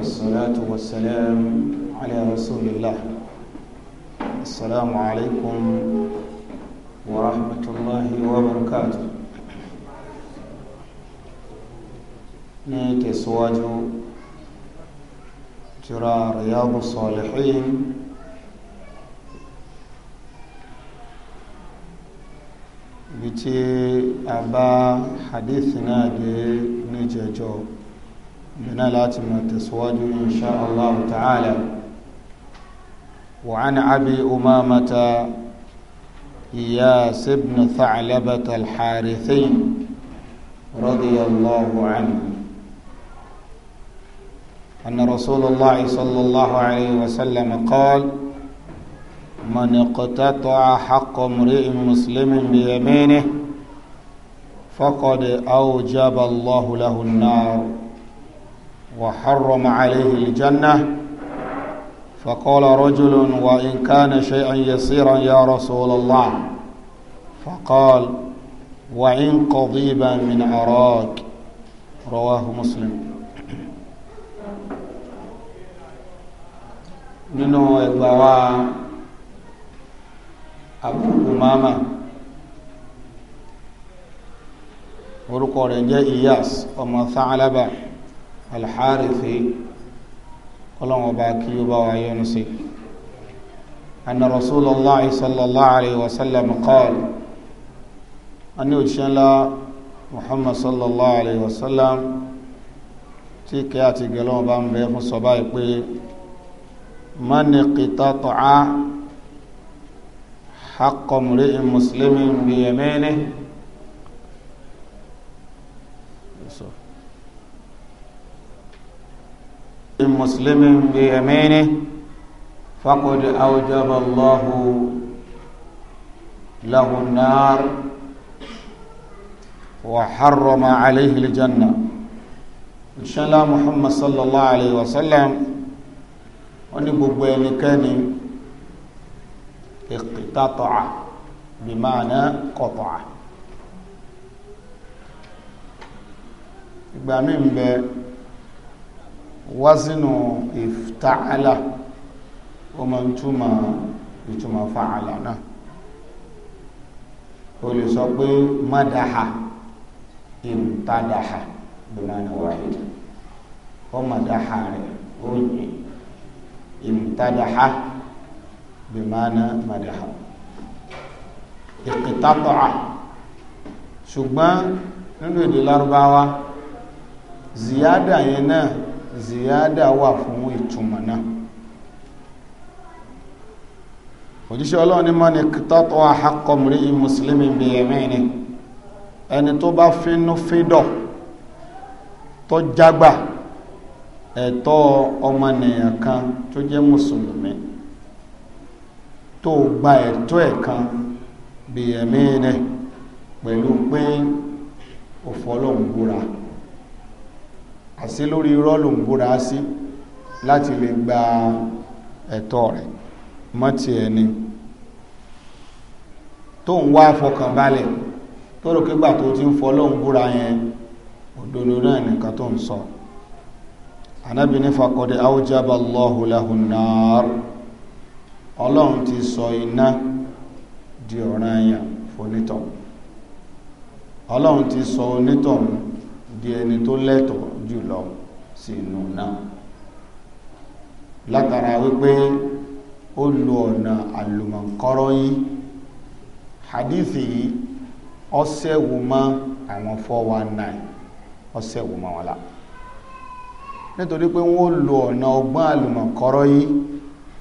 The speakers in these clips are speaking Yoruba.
والصلاة والسلام على رسول الله السلام عليكم ورحمة الله وبركاته نيتي سواجو ترى رياض الصالحين بتي أبا حديثنا دي جو من láti mọ̀ إن شاء الله تعالى وعن أبي أمامة إياس بن ثعلبة الحارثي رضي الله عنه أن رسول الله صلى الله عليه وسلم قال من اقتطع حق امرئ مسلم بيمينه فقد أوجب الله له النار وحرم عليه الجنة فقال رجل وإن كان شيئا يسيرا يا رسول الله فقال وإن قضيبا من عراك رواه مسلم nínú ẹgbà أبو àbúkù mama orúkọ rẹ̀ jẹ́ iyas alḥarifi kọlọ́wọ́n bá kí ó bá wa yọ́nu sí anna rasulallah sallallahu alayhi wa sallam qaal ani òṣìṣẹ́lá muhammad sallallahu alayhi wa sallam tí kẹ́ àti gẹ̀lọ́wọ́n bá ń bẹ mani qitata'a haqqo mri'in muslimin bi مسلم بيمينه فقد أوجب الله له النار وحرم عليه الجنة إن شاء الله محمد صلى الله عليه وسلم وني بوبين كان اقتطع بمعنى قطع ìgbà mi wazinu ifta'ala ó máa ń túmọ̀ ìtumọ̀ fa'ala náà o lè sọ pé madaha imtadaha bimana wahid ó madaha rẹ̀ ó yìn imtadaha bimana madaha ìkìtàtọ̀à ṣùgbọ́n nínú èdè lárúbáwá ziyada yẹn náà ziyada wà fún ìtumọ̀ náà òjíṣẹ́ ọlọ́run ní mọ́ni tọ́tọ́ àhàkọ́mùrí mùsùlùmí bí ẹ̀mẹ́ni ẹni tó bá fínú fídọ̀ tó jágbà ẹ̀tọ́ ọmọnìyàn kan tó jẹ́ mùsùlùmí tó gba ẹ̀tọ́ ẹ̀ kan bí ẹ̀mẹ́ni pẹ̀lú pé òfọlọ́hùn búra àṣẹ lórí irọ́ ló ń búra sí láti lè gba ẹ̀tọ́ rẹ̀ mọ́ ti ẹni tó ń wá fọkànbalẹ̀ tó rò kígbà tó ti ń fọlọ́hún búra yẹn òdodo náà nìkan tó ń sọ Ànábì ní fakọdẹ Allahu lahu nar ọlọ́run ti sọ iná di ọ̀ràn yẹn fonítọ̀ ọlọ́run ti sọ onítọ̀ di ẹni tó lẹ́tọ̀ọ́ jùlọ sínú náà látara wípé ó lo ọ̀nà àlùmọ̀kọ́rọ́ yìí hadithi yìí ọ̀sẹ̀wò mọ́ àwọn 419 ọ̀sẹ̀wò mọ́ wọn la nítorí pé wọ́n lo ọ̀nà ọgbọ́n àlùmọ̀kọ́rọ́ yìí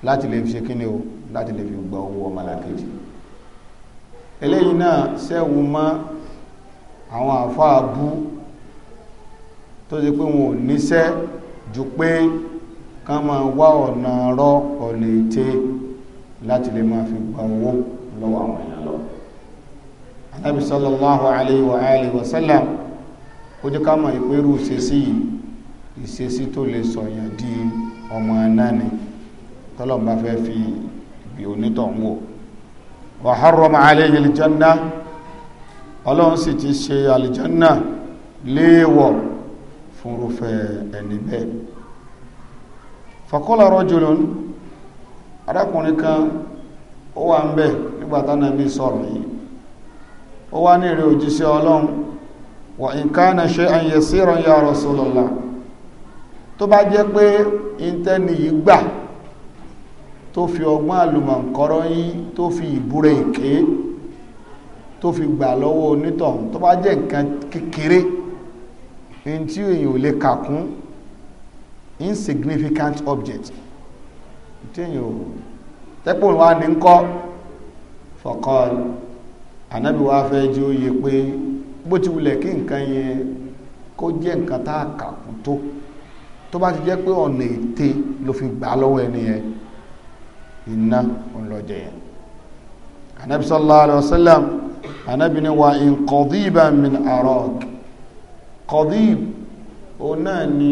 láti lè fi ṣe kíni o láti lè fi gba owó ọmọlàkejì eléyìí náà sẹ́wò mọ́ àwọn àfáà bú tó ṣe pé wọn ò níṣẹ́ ju pé ká máa wá ọ̀nà rọ ọ̀nà ète láti lè máa fi gba owó lọ́wọ́ àwọn èèyàn lọ anábì sallallahu alayhi wa alihi wa sallam ó jẹ́ ká mọ̀ ìpérú ìṣesí yìí ìṣesí tó lè sọ̀yàn di ọmọ anáni tọ́lọ́n bá fẹ́ fi ibi onítọ̀hún wò wa harrama alayhi aljanna ọlọ́run sì ti ṣe aljanna léèwọ̀ fúnrúfẹ́ ẹni bẹ́ẹ̀ fakola rajulun arákùnrin kan ó wà ń bẹ̀ nígbàtá náà bí sọ̀rọ̀ yìí ó wá ní ìrẹ́ òjíṣẹ́ ọlọ́run wa in kana shay'an yasiran ya Rasulullah tó bá jẹ́ pé ìntẹ́ni yìí gbà tó fi ọgbọ́n àlùmọ̀ǹkọ́rọ́ yín tó fi ìbúrẹ̀ èké tó fi gbà lọ́wọ́ onítọ̀hún tó bá jẹ́ nǹkan kékeré ke n tí èyàn ò lè insignificant object tí èyàn ò tẹ́pọ̀ wá bó ti kí kó tá a kakun tó tó bá ti jẹ́ pé ọ̀nà ète ló fi gbà lọ́wọ́ ẹni yẹn iná ọlọ́jẹ̀ yẹn ànábì sallallahu ni in kọdíb òun náà ni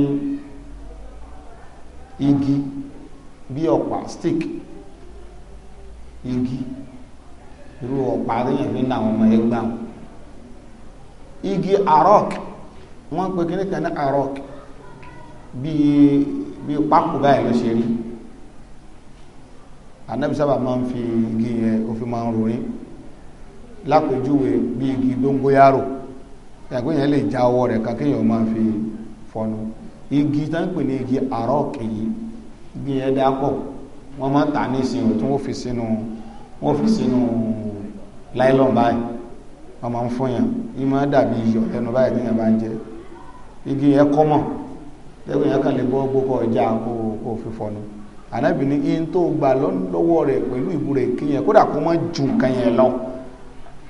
igi bí ọ̀pá stick igi irú ọ̀pá ríyàn fi àwọn ọmọ ẹgbà igi arok wọ́n pe kíní kan ní arok bíi bíi pákó báyìí ló ṣe rí anabi sábà máa ń fi igi yẹn ó máa ń ròyìn lápèjúwe bíi igi dóngóyárò yàgbé yẹn lè já ọwọ rẹ̀ kan kéèyàn máa fi fọnu igi tá ń pè igi àrọ́ọ̀kì yìí igi yẹn dá wọ́n máa tà ní ìsìn òtún wọ́n fi sínú wọ́n fi sínú láìlọ́n báyìí wọ́n máa ń fún yàn máa dàbí iyọ̀ ẹnu báyìí bá igi yẹn kọ́mọ̀ yàgbé yẹn kàn lè gbọ́ gbókọ̀ ọjà kó kó fi fọnu tó gbà lọ́wọ́ rẹ̀ pẹ̀lú ìbúrẹ̀ kódà kó má ju nǹkan yẹn lọ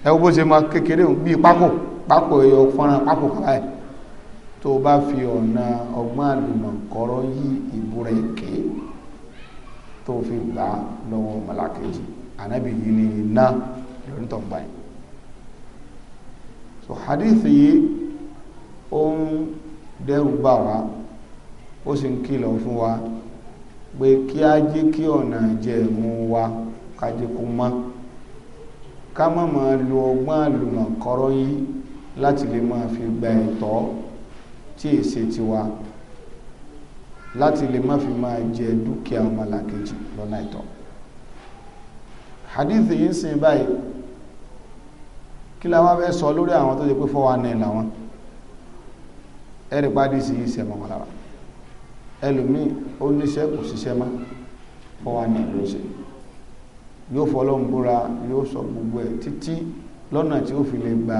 ẹ bó ṣe máa kékeré pákó ẹyọ fọ́nrán pákó kàrá ẹ̀ tó bá fi ọ̀nà ọgbọ́n àlùmọ̀kọ́rọ́ yí ìbúra tó fi gbà lọ́wọ́ mọ̀lákejì ànábì yìí ni iná lónítọ̀ gbà yìí so hadith yìí ó ń dẹ́rù bà ó sì ń kìlọ̀ fún wa pé kí á jẹ́ kí ọ̀nà jẹ́ wa ká jẹ́ kó mọ́ ká má máa láti lè máa fi gba ẹ̀tọ́ tí èsè ti wá láti lè má fi máa jẹ dúkìá ọmọlàkejì lọ́nà ẹ̀tọ́ hadith yìí ń sin báyìí kí la wá fẹ́ sọ lórí àwọn tó ṣe pé fọ́wọ́ ní làwọn ẹ̀rì pàdé sí yìí sẹ́mọ̀ ẹlòmíì ó níṣẹ́ kò ṣiṣẹ́ mọ́ fọ́wọ́ ní ló ṣe yóò fọlọ́ ń yóò sọ gbogbo ẹ̀ títí lọ́nà tí ó fi lè gba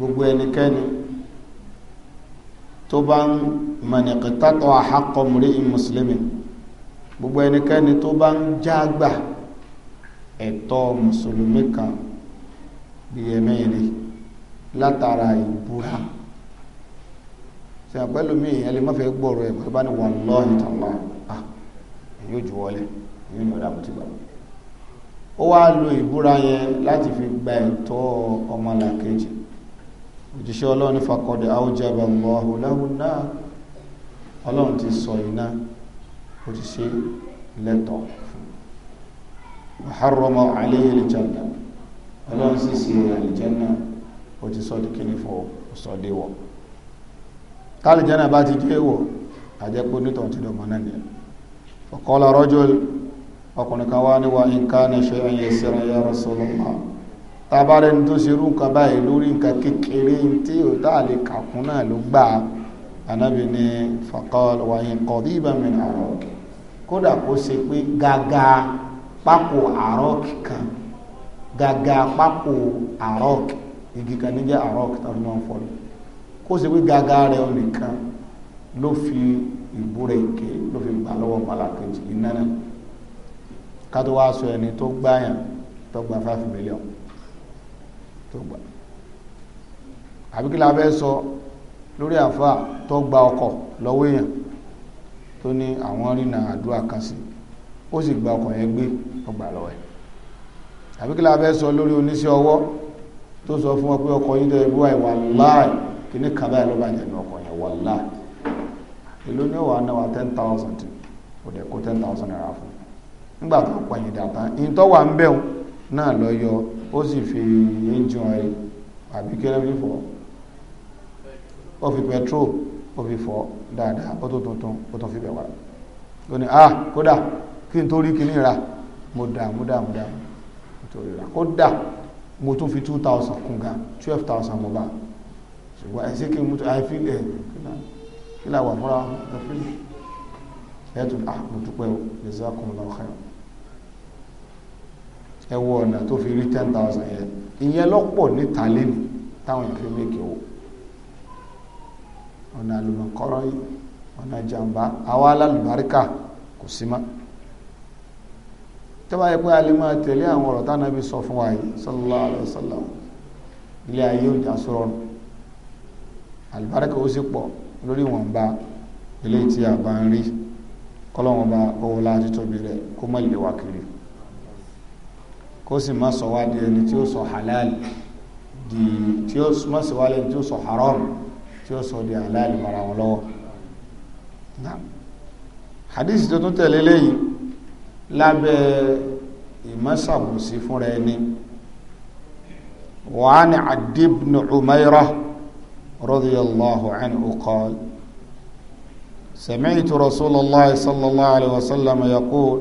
gbogbo ẹnikẹ́ni tó bá ń mọ̀nìkítàtọ̀ àhákọ̀mùrí mùsùlùmí gbogbo ẹnikẹ́ni tó bá ń jágbà ẹ̀tọ́ mùsùlùmí kan bí ẹ̀mẹ́rin látara ìbúra sẹ́yìn pẹ́lú mi ìyẹn lè má fẹ́ gbọ́rọ̀ ẹ̀ pẹ́lú bá ní wọn lọ́ọ̀hìn tán lọ ah wọlé èyí ní ọ̀dà mo gbà ó wá lo ìbúra yẹn láti fi gba ẹ̀tọ́ ọmọlàkejì òjíṣẹ́ ọlọ́run ní fakọ̀dé àwùjábà Allahu lahu náà ọlọ́run ti sọ iná ó ti ṣe lẹ́tọ̀ wa harrama alayhi al-janna ọlọ́run sì sí al-janna ó ti sọ di kíní fún ọ̀sọ̀déwọ̀ tálìjánà bá ti jẹ́ wọ̀ àjẹpọ̀ nítorí ti dọ̀mọ́ náà nìyẹn fa qala tabarẹ́ ni tó ṣe irú nǹkan báyìí lórí nǹkan kékeré tí ò tá a lè kàkún náà ló gbà á anábì ni faqala wa in kódà kó kan gàgà pákó igi kan níjẹ́ araq tàbí máa ń kó ṣe pé gàgà nìkan ló fi ìbúra èké ló fi gbà iná náà sọ ẹni tó tó tó gbà sọ lórí àfa tó gba ọkọ̀ lọ́wọ́ èèyàn tó ní àwọn rìnà àdúrà kan ó sì gba ọkọ̀ yẹn gbé ọgbà lọ́wọ́ ẹ̀ sọ lórí oníṣẹ́ ọwọ́ tó sọ fún ọ pé ọkọ̀ láì kí ní kàbá ẹ̀ ló bá jẹ̀ ní ọkọ̀ yẹn wà láì èló ní ten thousand dẹ̀ kó ó sì fi engine oil àbí kẹ́lẹ́bí fọ́ ó fi petrol ó fi fọ́ dáadáa ó tó tuntun ó tó fi bẹ̀ wá ó ní ah kódà kí n tó rí kíní ra mo dà mo dà mo dà nítorí ra kódà mo tún fi two thousand kún ga twelve thousand mo bá ṣùgbọ́n ẹ̀ sí kí n mú àìfi ẹ̀ kí làwọn fúnra ẹ̀ tún ah mo dúpẹ́ o jazakumullahu khairan ẹ wo ọ̀nà tó fi rí ten thousand yẹn ìyẹn lọ́pọ̀ níta talim táwọn èèyàn fi mékè owó ọ̀nà àlùmọ̀kọ́rọ́ yìí ọ̀nà jàǹbá àwa alálùbáríkà kò sí mọ́ tó bá yẹ pé a máa tẹ̀lé àwọn ọ̀rọ̀ tí Ànábì sọ fún wa yìí sallallahu alaihi wasallam ilé ayé òjà sọ̀rọ̀ nù àlùbáríkà ó sì pọ̀ lórí ìwọ̀nba ilé tí a bá ń rí kọ́lọ́wọ́n bá owó láti tóbi rẹ̀ kó má lè wá kiri kó sì má sọ wá di ẹni tí ó sọ halal di tí ó má sì wá lẹni tí ó sọ haram tí ó sọ di halal mara wọn lọ́wọ́ hadith tó tún tẹ̀lé lẹ́yìn lábẹ́ ìmọ̀sàbòsí fúnra ẹni وعن عبد بن عميرة رضي الله عنه قال سمعت رسول الله صلى الله عليه وسلم يقول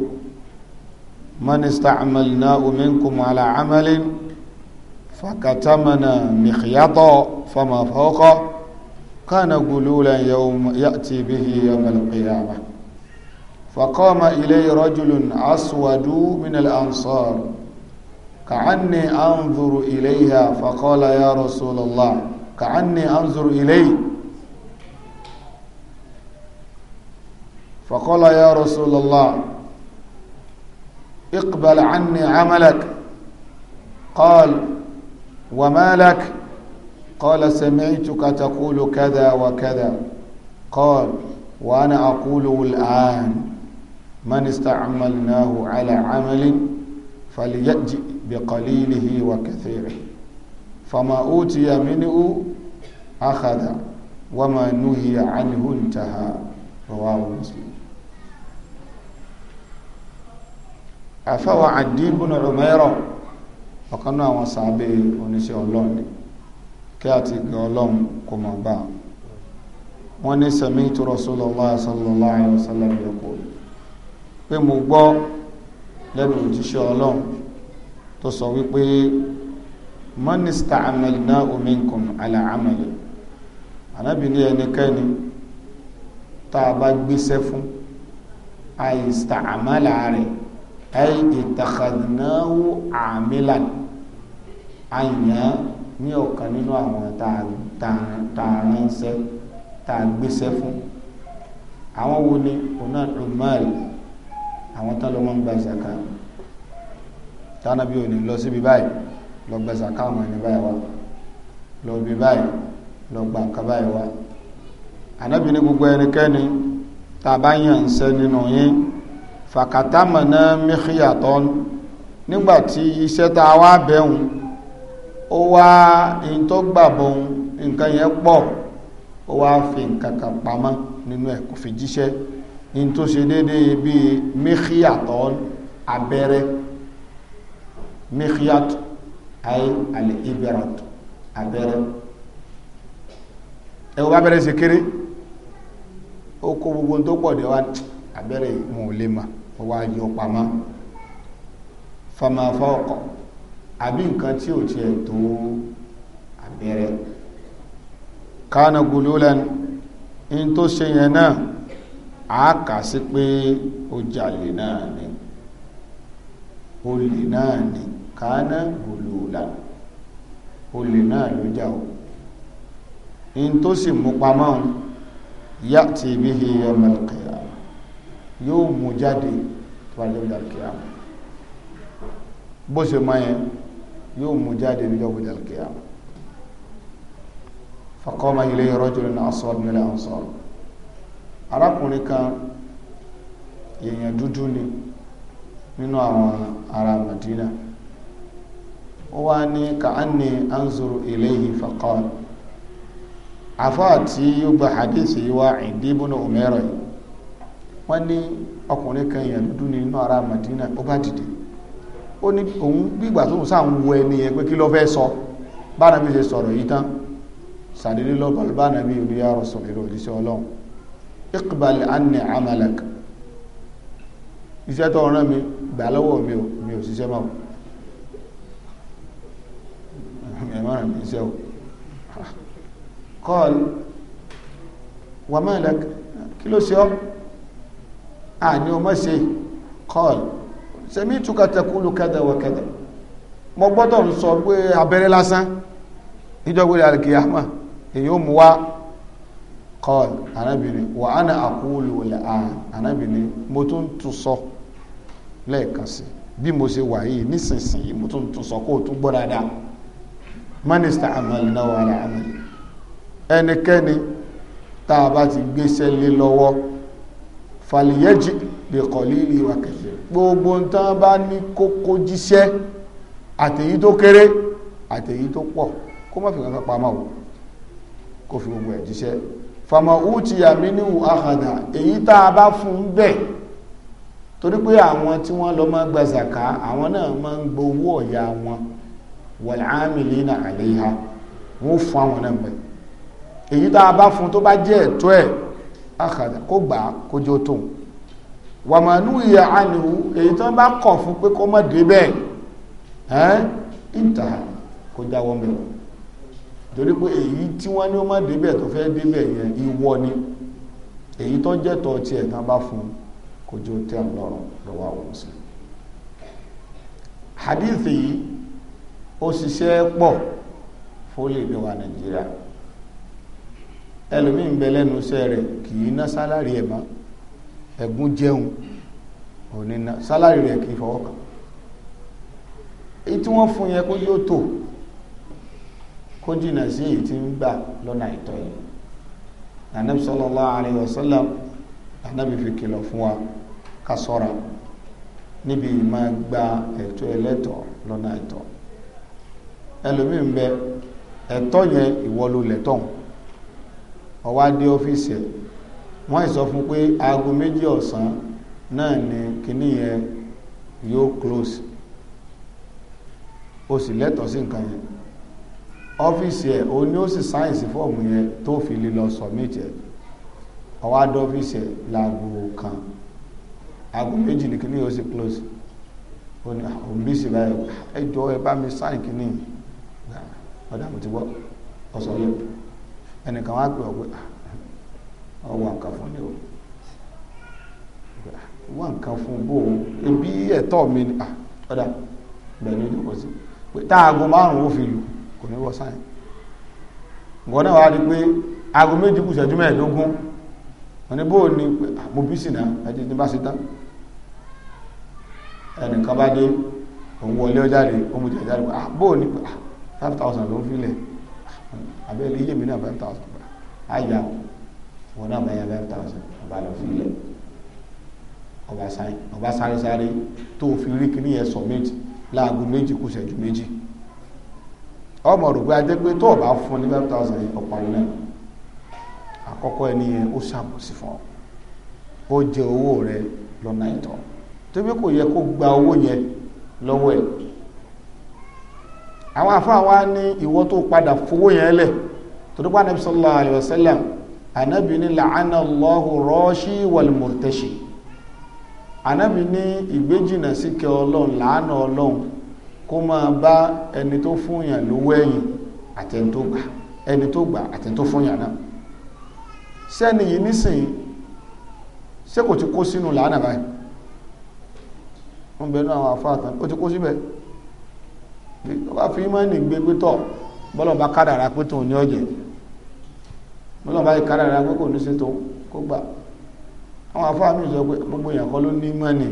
من استعملناه منكم على عمل فكتمنا مخيطا فما فوق كان قلولا يوم يأتي به يوم القيامة فقام إليه رجل أسود من الأنصار كعني أنظر إليها فقال يا رسول الله كعني أنظر إليه فقال يا رسول الله اقبل عني عملك قال وما لك قال سمعتك تقول كذا وكذا قال وأنا أقول الآن من استعملناه على عمل فليأجئ بقليله وكثيره فما أوتي منه أخذ وما نهي عنه انتهى رواه مسلم àfáwà àdìbùnà rọmẹ́rọ̀ ọ̀kan náà àwọn sàábẹ̀ oníṣẹ́ ọlọ́run ni kí àti gan ọlọ́run kò mọ̀ bá wọn ní sami'tu Rasulullah sallallahu alaihi wasallam yaqul pé mo gbọ́ lẹ́nu òjíṣẹ́ ọlọ́run tó sọ wípé man ista'malnahu minkum ala amali ànábì ní ẹnikẹ́ni tá a bá gbéṣẹ́ fún àìstàmàlà rẹ̀ ay ìtàkàdínáwó àmìlàn àyàn ní ọ̀kan nínú àwọn tààránṣẹ́ tààgbéṣẹ́ fún àwọn wo ni ọ̀nà ọ̀gbọ́n àwọn tán ló máa ń gba ìsàká tánàbí ò ní lọ síbi báyìí lọ gba ìsàká àwọn ẹni báyìí wá lọ bí báyìí lọ gba nǹkan báyìí wá ànábì gbogbo ẹnikẹ́ni tá a bá yàn ń sẹ́ nínú yín fàkàtàmọ̀nà mẹ́kíyàtọ́n nígbàtí iṣẹ́ ta wá bẹ̀hùn ó wá in tó gbàbọ̀ nǹkan yẹn pọ̀ ó wá fi nǹkan kan pamọ́ nínú ẹ̀ kò fi jíṣẹ́ in tó ṣe déédéé bí mẹ́kíyàtọ́n abẹ́rẹ́ mẹ́kíyàt ayé àlè iberat abẹ́rẹ́ ẹ̀wọ́ abẹ́rẹ́ ṣe kéré ó kó gbogbo tó pọ̀ dé wá abẹ́rẹ́ ìmọ̀ ò lè máa ó wá yọ pamọ́ fama fọkọ àbí nǹkan tí ò tiẹ̀ tó abẹ́rẹ́ kánà gulúlan in tó ṣe yẹn náà a kà sí pé ó jalè náà ni olè náà ni kánà gulúlan olè náà ló jà ó in tó sì mú pamọ́ yá ti hi yawmal qiyamah yóò mú jáde tó bá jẹ́ ìdàlùkìyàmù bó ṣe máa yẹn yóò mú jáde níjọ́ ìdàlùkìyàmù faqama ilayhi rajulun aswad min al-ansar arákùnrin kan èèyàn dúdú ni nínú àwọn ará Madina ó wá ní ka'anni anzuru ilayhi faqala àfáà tí yóò gba hadith yìí wá ìdí ibn Umairah yìí wọ́n ní ọkùnrin kan èèyàn dúdú ní inú ara Madina ó bá dìde ó ní òun gbígbà tóun sáà ń wo ẹni yẹn pé kí ló fẹ́ sọ bánabi ṣe sọ̀rọ̀ yìí tán sàdédé lọ́bọ̀ bánabi ìrìyà ọ̀rọ̀ sọ̀rọ̀ ìrò òjíṣẹ́ ọlọ́run iqbal anni amalak iṣẹ́ tó rán mi gbà lọ́wọ́ mi ò mi ò ṣiṣẹ́ máa ẹ̀mọ́ràn mi iṣẹ́ o kọ́ọ̀lù wàmẹ́lẹ̀ kí ló ṣe ọ́ àní ah, ọmọ ṣe kọ́ọ̀lù sẹ́mi ìtúkà tẹkùlù kẹ́dà wọ kẹ́dà mo gbọ́dọ̀ ń sọ pé abẹ́rẹ́ lásán ìjọgbére alkiyama èyí ó mú wá kọ́ọ̀lù arábìnrin wà á na àkúlù wọlé arábìnrin mo tún tún sọ lẹ́ẹ̀kan sí bí mo ṣe wà yìí nísinsìnyí mo tún tún sọ kó o tún gbọ́ dáadáa mínísítà àmàlì náà wà á àmàlì tá a bá ti gbéṣẹ́ lé lọ́wọ́ fàlìyẹ́jì lè kọ̀lí ní ìwà kẹfẹ́ gbogbo ń tán bá ní kókó jíṣẹ́ àtèyí tó kéré àtèyí tó pọ̀ kó má fi kankan pamọ́ o kó fi gbogbo ẹ̀ jíṣẹ́ fàmọ̀ uti àmínú àhàdà èyí tá a bá fún un torí pé àwọn tí wọ́n lọ máa gba zaka àwọn náà máa ń gbowó ọ̀yà wọn wal amilina alayha wọ́n fún àwọn náà bẹ́ẹ̀ èyí tá a bá fún tó bá jẹ́ ẹ̀tọ́ ẹ̀ akàdà kó gbà á kó jó tóun wàmánú ìyà ànihu èyí tó bá kọ̀ fún pé kó má dé bẹ́ẹ̀ kó jáwọ́ mẹ́rin torí pé èyí tí wọ́n ní ó má dé bẹ́ẹ̀ tó fẹ́ dé yẹn ìwọ fún kó jó tẹ́ lọ́rùn lọ́wọ́ àwọn yìí ó ṣiṣẹ́ ẹlòmí ń bẹ lẹ́nu iṣẹ́ rẹ̀ kì í ná sálárì ẹ̀ mọ́ ẹ̀gún jẹun ò ná sálárì rẹ̀ kì í fọwọ́ kàn tí wọ́n fún yẹ kó yóò tò kó jìnà sí èyí ń gbà lọ́nà yìí fún wa ká níbi gba ẹ̀tọ́ ó wá dé ọ́fíìsì ẹ̀ wọ́n sọ fún pé aago méjì ọ̀sán náà ni kíní yẹn yóò close o sì lẹ́tọ̀ọ́ sí nǹkan yẹn ọ́fíìsì ẹ̀ o ní ó sáyẹ̀nsì fọ́ọ̀mù yẹn tó fi lè lọ submit ẹ̀ ó dé ọ́fíìsì ẹ̀ láago kan aago méjì ni kíní yóò sì close ó ní òun sì báyìí ẹ jọ ẹ bá mi ẹnìkan wá pè ọ pé ọwọ́ ah, nǹkan fún ni o nǹkan fún bó o ebi ẹ̀tọ́ mi ni ah, ọ̀dà bẹ̀rẹ̀ aago márùn-ún fi lù kò ní wọ sáyẹn ǹkan náà wá di pé aago méjì kù ṣẹ́jú mẹ́ẹ̀ẹ́dógún wọ́n ní bó o ní pé ah, mo bí náà ẹ̀jẹ̀ ní bá ṣe tán bá dé òun wọlé ó mú jáde pé abẹ́rẹ́ iye mi náà five thousand gbà ájà wọn náà bá yẹ five thousand ọba lọ fi o ọba sáré sáré tó fi rí kíní yẹn submit láago méjì kù ṣẹ́jú méjì ọmọ rò pé ajẹ́ pé tó o bá fún ní five thousand ọ̀pọ̀ àwọn náà àkọ́kọ́ ẹni yẹn ó ṣàbòsí fún ọ ó jẹ owó rẹ lọ́nà ìtọ́ tó bí kò yẹ kó gba owó yẹn lọ́wọ́ ẹ̀ àwọn àfáà wa ní ìwọ tó padà fowó yẹn lẹ̀ torí pa anabi sallallahu alayhi wa sallam anabi ní la'ana allahu rọ́ṣí walmurtashi anabi ní ìgbéjìnà síkẹ́ ọlọ́run làánà ọlọ́run kó máa bá ẹni tó fún yàn lówó ẹ̀yìn àtẹni tó gbà ẹni tó gbà àtẹni tó fún yàn náà sẹ́ni yìí nísìnyí ṣé ti kó sínú làánà báyìí wọ́n bẹ̀rù àwọn àfáà tán ó ti kó síbẹ̀ tó bá fi mọ́ nìgbé pé tọ̀ bọ́lọ̀ bá pé ní ọ̀jẹ̀ pé kò ní sí tó sọ pé gbogbo èèyàn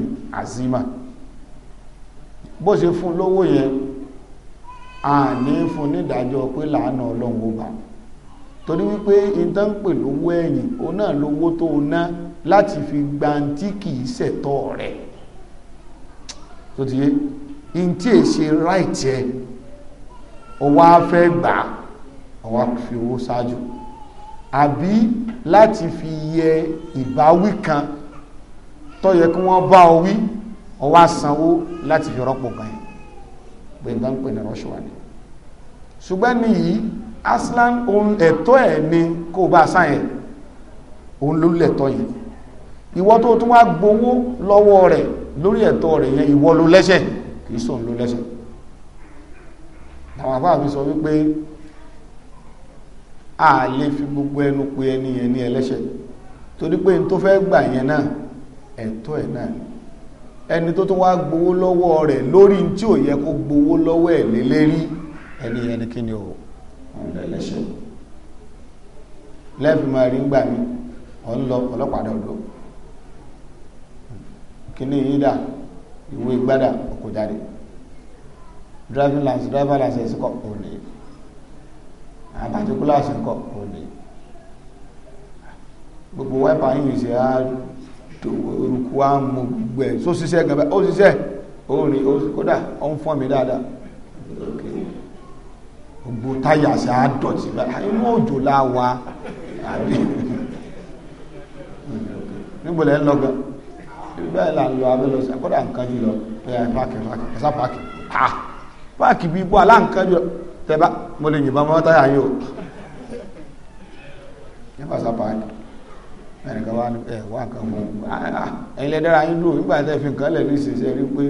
ló ní fún lówó yẹn a ní fún pé lànà ọlọ́run ó wípé ìtàn pè lówó ẹ̀yìn náà lówó tó ná láti fi gbantí in tí è ṣe right ẹ ọwọ́ afẹ́ gbà ọwọ́ fi owó ṣáájú àbí láti fi yẹ ìbáwí kan tó yẹ kí wọ́n bá ọ wí ọwọ́ àsanwó láti fi rọ́pò kan yẹn bẹ́ẹ̀ pè ní rọ́ṣùwà ni ṣùgbọ́n ní yìí aslan ohun ẹ̀tọ́ ẹ̀ ni kó bá sáyẹn òun ló lẹ̀tọ́ yẹn ìwọ tó tún wá gbowó lọ́wọ́ rẹ̀ lórí ẹ̀tọ́ rẹ̀ yẹn ìwọ ló lẹ́sẹ̀ kìí sóhun ló lẹ́sẹ̀ àwọn àbá mi sọ wípé a lè fi gbogbo ẹnu pe ẹni yẹn ní ẹlẹ́ṣẹ̀ torí pé n tó fẹ́ gbà yẹn náà ẹ̀tọ́ ẹ̀ náà ni ẹni tó tún wá gbowó lọ́wọ́ rẹ̀ lórí tí ò yẹ kó gbowó lọ́wọ́ ẹ̀ lélẹ́rí ẹni yẹn ni kí ni o ọ̀rọ̀ ẹlẹ́ṣẹ̀ lẹ́ẹ̀fì máa rí gbà mí ọ̀ lọ ọlọ́pàá dọ̀dọ̀ kí ni yín dà ìwé gbádà kó jáde driving license driver license kọ kò ní àwọn particulars kọ kò ní gbogbo wáìpà yìí ṣe á tó orúkú á mú gbogbo ẹ̀ tó ṣiṣẹ́ gan bẹ́ẹ̀ ó ṣiṣẹ́ ó ní kódà ó ń fọ́n mi dáadáa gbogbo táyà ṣe á dọ̀tí báyìí inú òjò láwa àbí níbo lẹ́ ń lọ gan ibi báyìí là ń lọ abẹ́ lọ sí akọ́dà nǹkan jù lọ. ẹ̀sà páàkì ha páàkì bí ibú aláǹkan jù tẹ́bá mo lè yìnbọn mọ́ táyà yóò nípa sá páàkì ẹnìkan wá ní ẹ̀wà kan mọ́ ah, ah, ẹ̀yin lò nígbà tẹ́ fi nǹkan lẹ̀ ní rí pé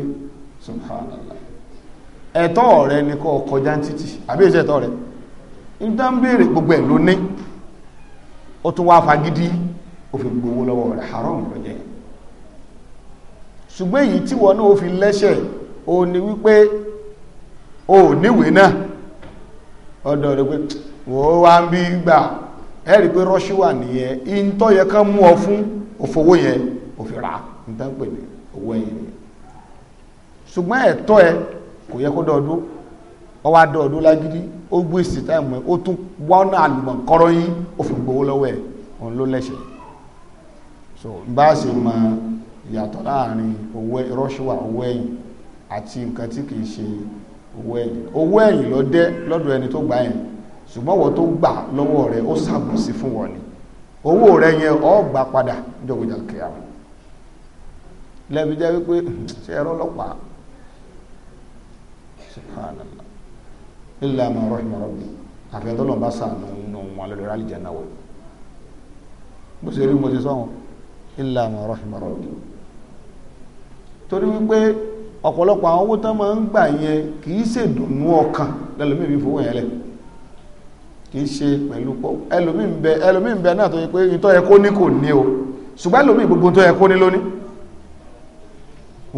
rẹ ni kọjá títì àbí rẹ nígbà ń béèrè gbogbo lóní ó tún wá ó fi gbowó haram yẹn ṣùgbọ́n èyí tí wọ́n náà fi lẹ́ṣẹ̀ o ní wípé o níwèé náà ọ̀dọ̀ rẹ̀ pé wọ́n wá ń bí gbà ẹ̀rí pé rọ́ṣí wà nìyẹn ìntọ́ yẹ kán mú ọ fún òfowó yẹn òfin rà nǹkan pè ní owó ẹ̀yìn ṣùgbọ́n ẹ̀tọ́ ẹ kò yẹ kó dọ̀ọ́dún ọwọ́ adọ̀ọ́dún lágídí ó gbé ìsìtáìmù ẹ ó tún wọ́n náà so bá a ìyàtọ̀ láàrin owó rọ́ṣùwà owó ẹ̀yìn àti nǹkan tí kìí ṣe owó ẹ̀yìn owó ẹ̀yìn ló dé lọ́dọ̀ ẹni tó gbà yẹn ṣùgbọ́n wọ́n tó gbà lọ́wọ́ rẹ̀ ó ṣàbùsí fún wọn ni owó rẹ̀ yẹn ó gbà padà jọgbìjà kìá lẹ́bi jẹ́ wípé ṣe ẹ̀rọ ọlọ́pàá subhanallah illa ma rahima rabbi àfẹ́tọ́lọ́ bá sànù nù wọn lọ́dọ̀ alìjẹ́ náà wọ̀ bó ṣe rí mo ti sọ́wọ́n illa ma rahima rabbi torí wípé ọ̀pọ̀lọpọ̀ àwọn owó tán máa ń gbà yẹn kì í ṣe dùnú ọkàn lẹ́lòmí fi fowó yẹn lẹ̀ kì í ṣe pẹ̀lú pọ̀ ẹlòmí ń bẹ ẹlòmí ń bẹ náà tó yẹ pé ìtọ́ yẹ kó ní kò ní o ṣùgbọ́n ẹlòmí gbogbo tó yẹ kó ní lónìí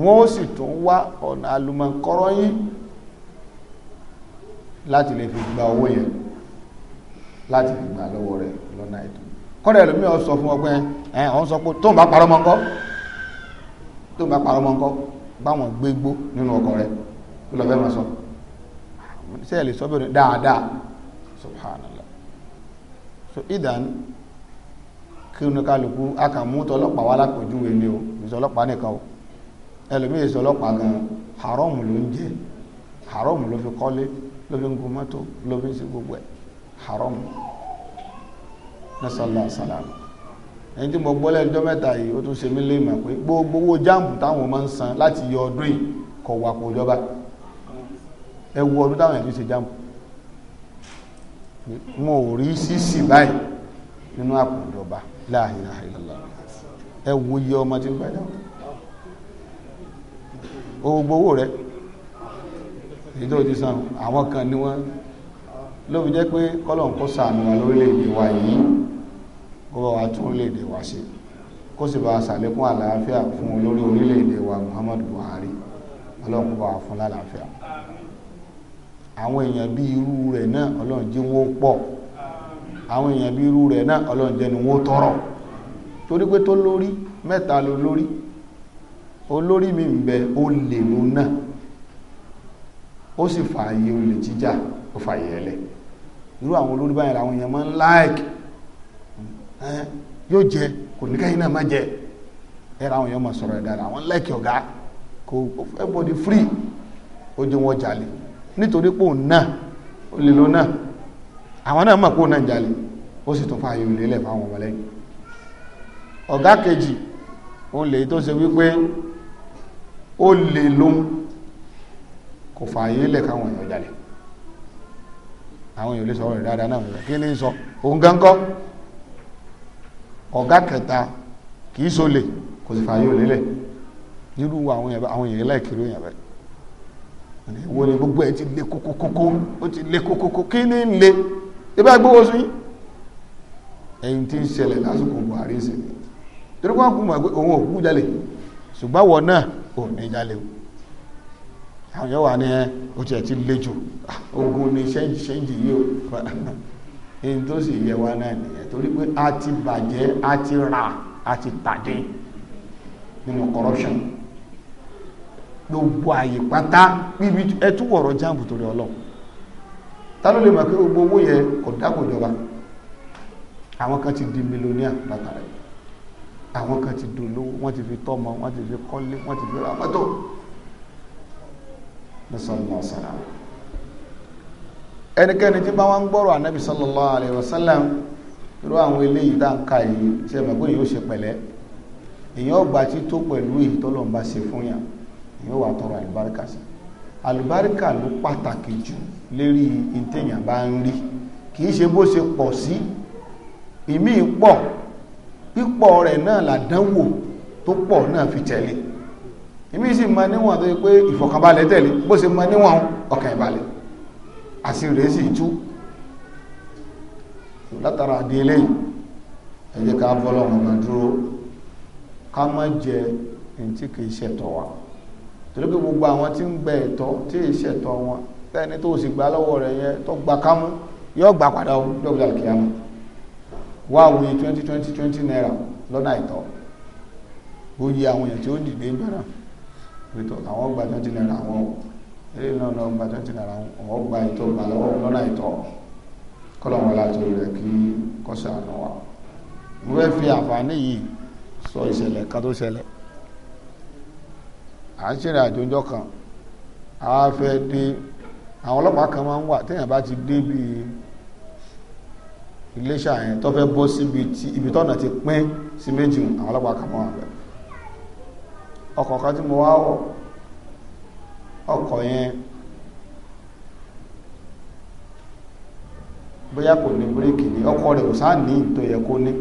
wọ́n ó sì tún wá ọ̀nà àlùmọ̀kọ́rọ́ yín láti lè fi gba owó yẹn láti fi gba lọ́wọ́ rẹ̀ lọ́nà ètò kọ́dà ẹlòmí ó sọ fún ọgbẹ́ tó ń bá parọ́ mọ́ ńkọ́ báwọn gbégbó nínú ọkọ̀ rẹ̀ kí lọ bẹ́ẹ̀ máa sọ ṣé ẹ dáadáa subhanallah so idan kí ní kálukú akàmú tọlọ́pàá wà lápèjúwe ni o ìṣọlọ́pàá nìkan o ẹlòmíì ìṣọlọ́pàá gan haram ló ń jẹ haram ló fi kọ́lé ló fi ń gun mọ́tò ló fi ń ṣe gbogbo ẹ̀ haram nasalaam ẹni tí mo gbọ́ lẹ́jọ́ mẹ́ta yìí ó tún ṣe mí léèmọ̀ pé gbogbo owó jáàmù táwọn máa ń san láti yọ ọdún yìí kọ̀ wà pò jọba ẹ wo ọdún táwọn ẹ̀dí ṣe jáàmù mo ò rí sísì báyìí nínú àpò ìjọba la ilaha illallah ẹ wo iye ọmọ tí ń gbà dáwọn owó gbowó rẹ èyí tó ti san àwọn kan ni wọ́n ló jẹ́ pé kọ́lọ̀ ń kó sàánú wa lórílẹ̀-èdè wa yìí kó bá wa tún orílẹ̀-èdè wa ṣe kó sì bá ṣàlékún àlàáfíà fún olórí orílẹ̀-èdè wa Muhammadu Buhari ọlọ́run bá wa fún lálàáfíà àwọn èèyàn bí irú rẹ̀ náà ọlọ́run jẹ́ wọ́n pọ̀ àwọn èèyàn bí irú rẹ̀ náà ọlọ́run jẹ́ ni wọ́n tọrọ torí pé tó lórí mẹ́ta ló lórí olórí mi ń bẹ ó lè lò náà ó sì fààyè olè jíjà ó fààyè ẹlẹ irú àwọn olórí báyìí làwọn èèyàn máa ń láìkì yóò jẹ kò ní káyìn náà má jẹ ẹ̀rọ àwọn ya máa sọ̀rọ̀ ẹ̀ dára àwọn lẹ́kì ọ̀gá kò everybody free ó jẹ́ wọn jalè nítorí pé náà olè náà àwọn náà mọ̀ pé náà jalè ó sì tún fa ayò lélẹ̀ fáwọn kejì òun lè tó ṣe wípé ó lè kò fa ayé káwọn àwọn lè náà kí ni sọ ọ̀gá kẹta kì í sólè kò sì fààyè òlélẹ̀ nírú àwọn èèyàn láìkiri èèyàn rẹ̀ wọ́n ni gbogbo ẹ̀ ti lé kókókókó ó ti lé kókókó kí ní lè ibà gbówó sí ẹ̀yìn tí ń ṣẹlẹ̀ lásìkò Buhari sí ni torí wọ́n kú mọ̀ òun òkú jalè ṣùgbọ́n wọ́n náà ò ní jalè o àwọn yóò wà ní ẹ ó ti ẹ̀ ti lé jù ah, ogun ni ṣẹ́ǹjì ṣẹ́ǹjì yìí o èyí tó sì yẹ wá náà nìyẹn torí pé a ti bàjẹ́ a ti ra a ti tàdé nínú corruption gbogbo àyè pátá bíbi ẹtú wọ̀rọ̀ jáàmù torí ọlọ́run ta ló lè mọ̀ pé gbogbo owó yẹn kò dákò jọba àwọn kan ti di mílíọ̀nìà látara yìí àwọn kan ti dolówó wọ́n ti fi tọ́mọ wọ́n ti fi kọ́lé wọ́n ti fi ra mọ́tò ní sọ́nà ẹnikẹ́ni tí bá wọn ń gbọ́rọ̀ ànábì sallallahu alayhi wa sallam irú àwọn eléyìí dáǹkà yìí ṣe mọ̀ pé èyí ó ṣe pẹ̀lẹ́ èyí ọgbà tí tó pẹ̀lú èyí tọ́lọ̀ ń bá ṣe fún yàn èyí ó wà tọrọ àlùbáríkà sí àlùbáríkà ló pàtàkì jù lérí ìtẹ̀yàn bá ń rí kì í ṣe bó ṣe pọ̀ sí ìmí pọ̀ pípọ̀ rẹ̀ náà làdánwò tó pọ̀ náà fi tẹ̀lé ìmí sì mọ níwọ̀n tó yẹ pé ìfọ̀kànbalẹ̀ tẹ̀lé bó ṣe mọ níwọ̀n ọkàn ìbalẹ̀ àṣírí rẹ̀ sì tú látara délé ẹ jẹ́ ká bọ́lọ́run dúró ká má jẹ ntí kìí wa torí pé gbogbo àwọn tí ń gbẹ ẹ̀tọ́ tí ì wọn tẹ́ni tó sì gbà lọ́wọ́ rẹ̀ yẹ tó gba kámú yóò gbà twenty twenty twenty naira lọ́nà àìtọ́ àwọn èèyàn tí ó dìde ń bẹ̀rẹ̀ àwọn gba twenty naira eléyìí náà lọ gba twenty naira wọn gba ìtọ́ gbà lọ́wọ́ lọ́nà ìtọ́ kọ́lọ́wọ́n láti rẹ̀ kí kọ́sẹ̀ àná wa mo fẹ́ fi àǹfààní yìí sọ ìṣẹ̀lẹ̀ kan tó ṣẹlẹ̀ à ń ṣèrìn àjò ńjọ́ kan a fẹ́ dé àwọn ọlọ́pàá kan máa ń wà téèyàn bá ti dé bí iléṣà yẹn tó fẹ́ bọ́ síbi tí ibi tọ́nà ti pín sí méjì àwọn ọlọ́pàá kan máa wà bẹ́ẹ̀ ọkọ̀ kan tí mo wá wọ̀ ọkọ̀ yẹn bóyá kò ní bíréèkì ní ọkọ̀ rẹ̀ kò sáà ní tó yẹ kó ní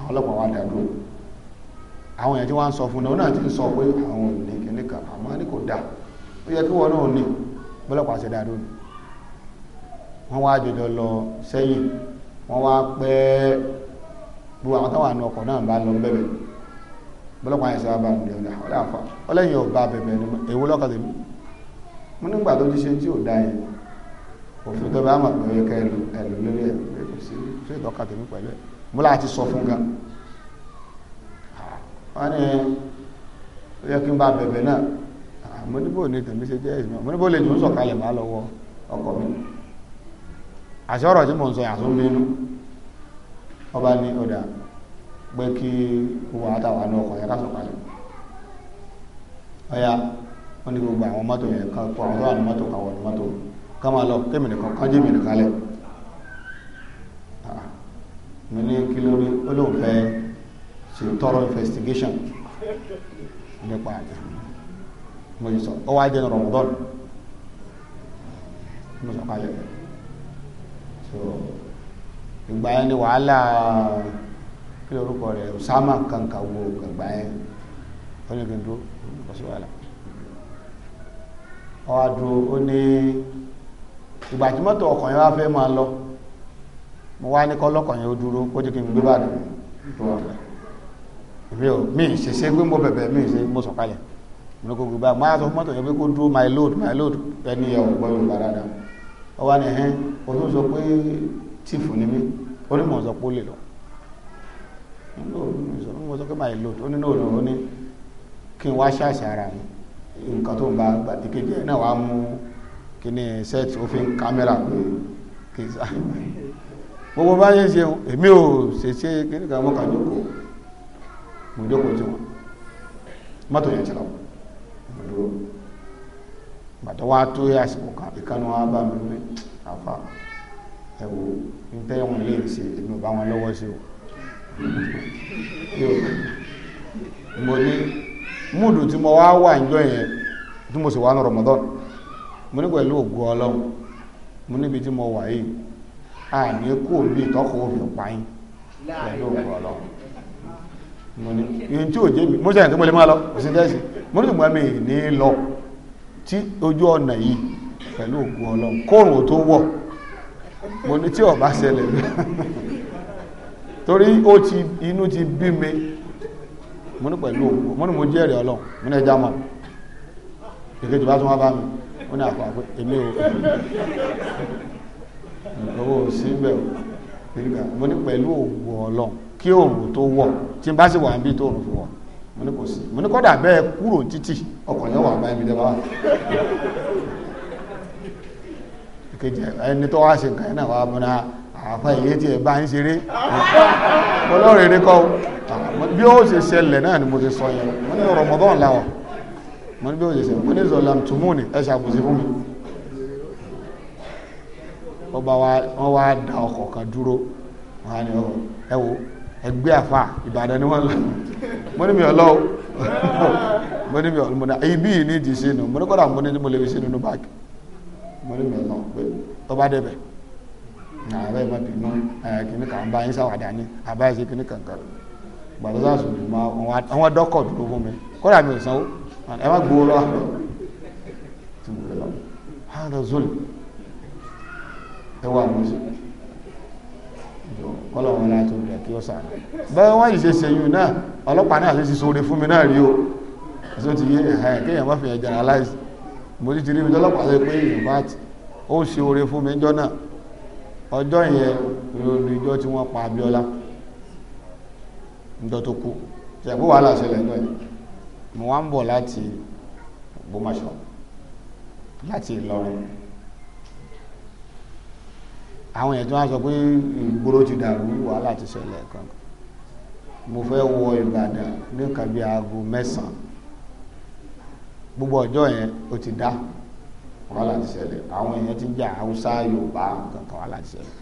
àwọn ọlọ́pàá wá dàdúró àwọn èèyàn tí wọ́n ń sọ fún un náà ti ń sọ pé àwọn ò ní kan àmọ́ ní kò dáa ó yẹ kí wọ́n náà ní bọ́lọ́pàá ṣe dàdúró wọ́n wá jọjọ lọ sẹ́yìn wọ́n wá pẹ́ gbogbo àwọn táwọn àna ọkọ̀ náà bá lọ bẹ̀bẹ̀ bọ́lọ́pàá yẹn sọ wá bá wọn lẹ́yìn ọba bẹ̀bẹ̀ èwo lọ́kàn tèmi mo nígbà tó ti ṣe tí ò dá yẹn òfin tó bá mọ̀ pé ó yẹ ká ẹlò ẹlò lórí ẹ̀ pé kò sí ṣé ìtọ́ka tèmi pẹ̀lú ẹ̀ mo láti sọ fún gan wọ́n ní ó yẹ kí n bá bẹ̀bẹ̀ náà mo níbo ní tèmi ṣe jẹ́ ìsìn mo níbo lè jù ń sọ̀kalẹ̀ má lọ́wọ́ ọkọ mi àṣẹ ọ̀rọ̀ tí mo ń sọ yà sún bínú ọba ní ọ̀dà pé kí wọ́n àtàwọn ọkọ̀ yẹ ká sọ̀kalẹ̀ ọ̀ya wọ́n ní gbogbo àwọn mọ́tò yẹn kan kó àwọn àwọn mọ́tò kan wọ̀ ní mọ́tò ká máa lọ kémi nìkan kán mi nìkan lẹ̀ ah, mi ní kí ló rí ó lóun ṣe thorough investigation nípa àná mo sọ ọ wá jẹ́ Ramadan mo sọ kalẹ̀ so ìgbà yẹn ni wàhálà kí lórúkọ rẹ̀ Osama kankan wo ìgbà yẹn ó ní kí n sí wàhálà. ọwọ́ àdúró ó ní ìgbà tí mọ́tò ọkàn yẹn wá fẹ́ máa lọ mo wá ní kọ́ lọ́kàn yẹn ó dúró kó jẹ́ kí n gbé bàdàn tó wà pẹ́ mi ṣe ṣe pé bẹ̀bẹ̀ mi ṣe gbé mọ́tò yẹn pé kó dúró my load my load ẹni gbọ́ yorùbá ní nǹkan tó ń ba gbàdékejì ẹ̀ náà wàá mú kíní set òfin kámẹ́rà pé kìsà gbogbo bá yẹ ṣe èmi ò ṣe ṣe kíní kan mọ́ kàjókò mo jókòó tí wọn mọ́tò yẹn ti lọ mo dúró gbàtọ́ wa tó àsìkò kan ìkànnì wa bá mi wí àfa ẹ wo n tẹ́ wọn lè ṣe èmi ò bá wọn lọ́wọ́ sí o mo ní múùdù tí mo wá wà níjọ́ yẹn tí mo sì wà ní Ramadan mo ní pẹ̀lú ògùn ọlọ́run mo níbi tí mo wà yìí àní kú òbí ìtọ́kọ̀ òbí pààyàn pẹ̀lú ògùn ọlọ́run mo ní ìyẹn tí ò jẹ́ mi mo sẹ́yìn tí mo lè máa lọ kò sí tẹ́sí mo ní ìgbà mi ní lọ tí ojú ọ̀nà yìí pẹ̀lú ògùn ọlọ́run kóòrùn tó wọ̀ mo ní tí ó ṣẹlẹ̀ torí inú ti bí mi mo ní pẹ̀lú òun mo ní mo jẹ́rìí ọlọ́run mo ní ẹja mọ̀ ìkejì bá tún wá bá mi ó ní àpò àpò èmi ò owó síbẹ̀ o mo ní pẹ̀lú òun ọlọ́run kí òòrùn tó wọ̀ tí n bá sì wà ń bí tó òòrùn fi wọ̀ mo ní kò sí mo ní kọ́dà bẹ́ẹ̀ kúrò títì ọkọ̀ yẹn wà báyìí bíi dábàá ìkejì ẹni tó wá ṣe nǹkan yẹn náà wà á mọ́ná àáfà ìyé tiẹ̀ bá ń ṣeré ọlọ́run èrè kọ́ o bí ó ṣe ṣẹlẹ̀ náà ni mo ṣe sọ yẹn mo ní Ramadan làwà mo ní bí ó ṣe ṣẹlẹ̀ mo ní zolam tumuni ẹ ṣàkóso fún mi ọba wọn wá da ọkọ̀ kan dúró wọn á ní ọkọ̀ ẹ wo ẹgbẹ́ àfà Ìbàdàn ni wọ́n lọ mo ní mi ò lọ mo ní mi ò lọ ibi yìí ní ìdí sínú mo ní kọ́dà mo ní mo lè fi sínú ní báàgì mo ní mi ò pé ọba débẹ̀ nàá bẹ́ẹ̀ má bínú kìnnìkan bá yín sáwàdà ní àbáyé kìnnìkan kan gbàdúrà sùnmù ma àwọn dọ́kọ̀ dúró fún mi kọ́dà mi ò sanwó ẹ má gbowó lọ hàdà zoli ẹ wà mú sí kọ́lọ̀ wọn láti orí ẹ̀kí ọ̀sà bẹ́ẹ̀ wọ́n yìí ṣe ṣeyún náà ọlọ́pàá náà ṣe ṣe sóore fún mi náà rí o ẹ̀sọ́ ti yé ẹ̀hà ẹ̀kẹ́yàn má fi ẹ̀ generalize mo ti ti rí mi tọ́lọ́pàá sọ pé in fact ó ṣe oore fún mi ńjọ́ náà ọjọ́ yẹn ìròyìn ìjọ tí wọ́n pa Abíọ́lá níjọ́ tó kú ṣẹ̀kú wàhálà ṣẹlẹ̀ náà mo wá ń bọ̀ láti Ògbómọ̀ṣọ́ láti Ìlọrin àwọn èèyàn tí wọ́n sọ pé ìgboro ti dàrú wàhálà ti ṣẹlẹ̀ kan mo fẹ́ wọ Ìbàdàn ní nǹkan bíi aago mẹ́sàn-án gbogbo ọjọ́ yẹn ó ti dá wàhálà ti ṣẹlẹ̀ àwọn èèyàn ti jà Haúsá Yorùbá kankan wàhálà ti ṣẹlẹ̀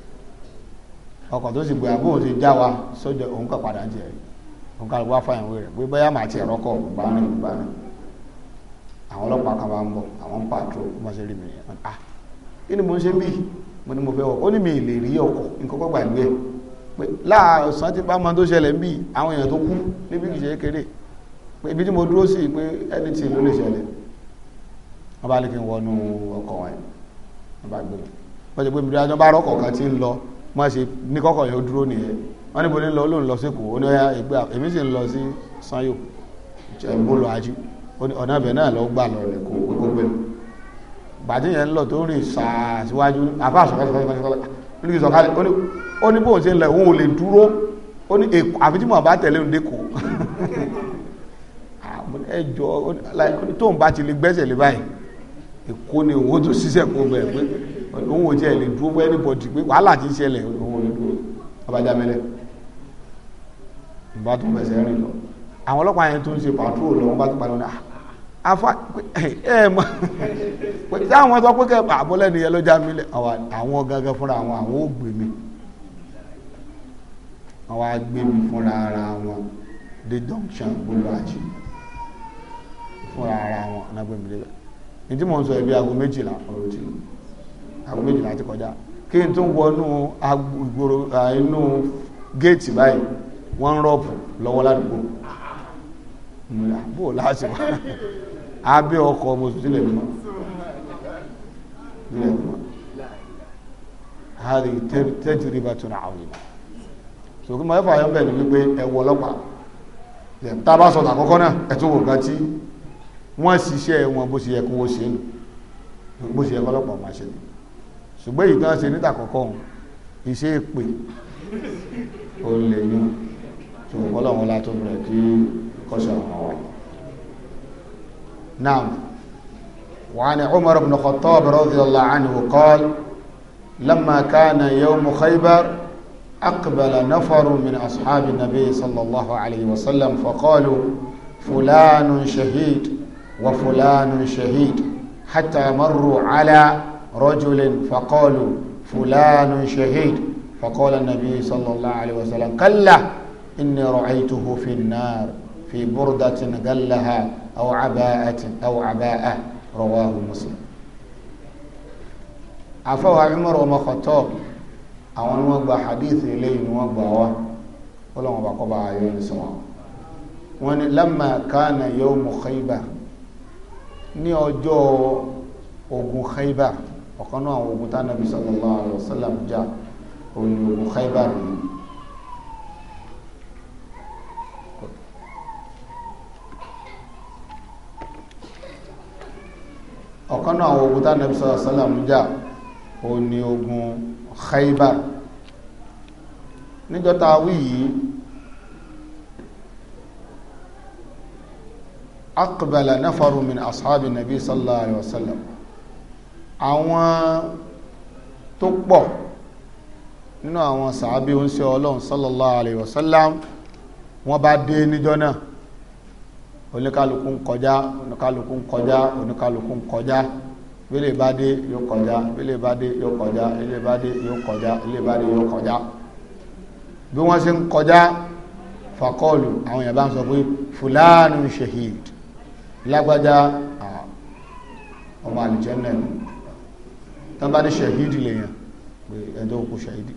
ọkọ̀ tó sì gbé àbúrò ti já wa sójà òun kàn padà jẹ́ rí wọn kálukú wá fáyìn wé rẹ̀ pé bóyá màá ti ẹ̀rọ kọ̀ bá rìn bá rìn àwọn ọlọ́pàá kan bá ń bọ̀ àwọn ń pàtró wọ́n ṣe rí mi ah kí ni mo ń ṣe bí mo ní mo fẹ́ wọ̀ ó ní mi lè rí ọkọ̀ nǹkan kọ́ gbàgbé ẹ̀ pé láàsán ti bá mọ tó ṣẹlẹ̀ ń bì àwọn èèyàn tó kú níbi kìí ṣe kéré pé ibi tí mo dúró sí pé ẹni tí ló lè ṣẹlẹ̀ wọ́n bá lè kí n wọnú ọkọ̀ wọn wọ́n bá gbé mi wọ́n pé mi dájọ́ bá rọ́kọ̀ kan ti ń lọ má ṣe ní kọ́kọ́ yẹn ó dúró nìyẹn wọ́n níbo ní lọ olóhùn lọ sí kù ó ní ọ̀yà ẹgbẹ́ èmi sì ń lọ sí sanyo ẹ̀bú lọ ajú ọ̀nà ibẹ̀ náà lọ gbà lọ rẹ̀ kó kó gbé lọ gbàdí yẹn ń lọ tó rìn sàá síwájú àbá àsọ̀kálẹ̀ ó ní bóun ṣe ń lọ òun ò lè dúró ó ní èkó àfi tí mo bá tẹ̀lé òun dẹ́kọ̀ ẹjọ́ tó bá ti lè gbẹ́sẹ̀ lé báyìí òun ò tiẹ̀ lè dúró fún anybody pé wàhálà ti ṣẹlẹ̀ òun lè dúró abájá mẹ́lẹ̀ ìbá tó fẹsẹ̀ rìn lọ àwọn ọlọ́pàá yẹn tó ń ṣe patrol lọ bá tó parí afa ah, ẹ mọ pé táwọn sọ pé kẹ àbọ̀lẹ̀ ah, nìyẹn ló já mi àwọn gangan fúnra àwọn àwọn ò gbé mi àwọn mi fúnra ara wọn dé junction gbólóhùn àjì fúnra ara wọn ọ̀nà tí ń sọ àwọn méjìlá ti kọjá kí n tún wọnú agbègbòrò inú géètì báyìí wọ́n ń rọ́ọ̀pù lọ́wọ́ ládùúgbò bó o láti wá abẹ́ ọkọ̀ ọmọ oṣù sílẹ̀ mímọ́ sílẹ̀ mímọ́ hali tẹ́tì rí bá tún àwọn ìlú sòkè máa fà yọ́ ni wípé ẹ̀wọ̀ ọlọ́pàá tá a bá sọ̀tà àkọ́kọ́ náà ẹ̀tún wò gan tí wọ́n ṣiṣẹ́ wọn bó ṣe yẹ kó wọ́n ṣe nù bó ṣe yẹ kọ́lọ́pàá máa ṣe nù ṣùgbọ́n èyí tó ń ṣe níta kọ̀ọ̀kọ́ iṣẹ́ èpè ó lè yún ṣùgbọ́n ọlọ́run látó bẹ̀rẹ̀ kí kọ́ṣọ́ àwọn wa. naam وعن عمر بن الخطاب رضي الله عنه قال لما كان يوم خيبر أقبل نفر من أصحاب النبي صلى الله عليه وسلم فقالوا فلان شهيد وفلان شهيد حتى مروا على رجل فقالوا فلان شهيد فقال النبي صلى الله عليه وسلم كلا إني رأيته في النار في بردة قلها أو عباءة أو عباءة رواه مسلم عفوا عمر وما خطاب أو ni حديث gba hadithi eléyìí ما بقى gbà wá ọlọ́wọ́n bá kọ́ba ayọ́ ní sọ́wọ́n wọn ni ọjọ́ ogun khayba ọ̀kan náà àwọn ogun tánàbí sallallahu alaihi wasallam jà òun ni ogun Khaybar yìí ọ̀kan náà àwọn ogun tánàbí sallallahu alaihi wasallam jà òun ni ogun Khaybar níjọta wí yìí aqbala nafaru min ashabi nabi sallallahu alaihi wasallam àwọn tó pọ̀ nínú àwọn sàábí oúnṣẹ ọlọ́run sallallahu alayhi wa sallam wọ́n bá dé níjọ́ náà oníkálukú ń kọjá oníkálukú ń kọjá oníkálukú ń kọjá bílẹ̀ bá dé yóò kọjá bílẹ̀ bá yóò kọjá bílẹ̀ bá yóò kọjá bílẹ̀ bá yóò kọjá bí wọ́n ṣe ń kọjá fakọ́ọ̀lù àwọn èèyàn bá ń sọ pé fúlàánù shahid lágbájá ọmọ àlùjẹ́ náà tán bá ní ṣẹ̀hídì lèyàn pé ẹ̀dọ́ òkú ṣẹ̀hídì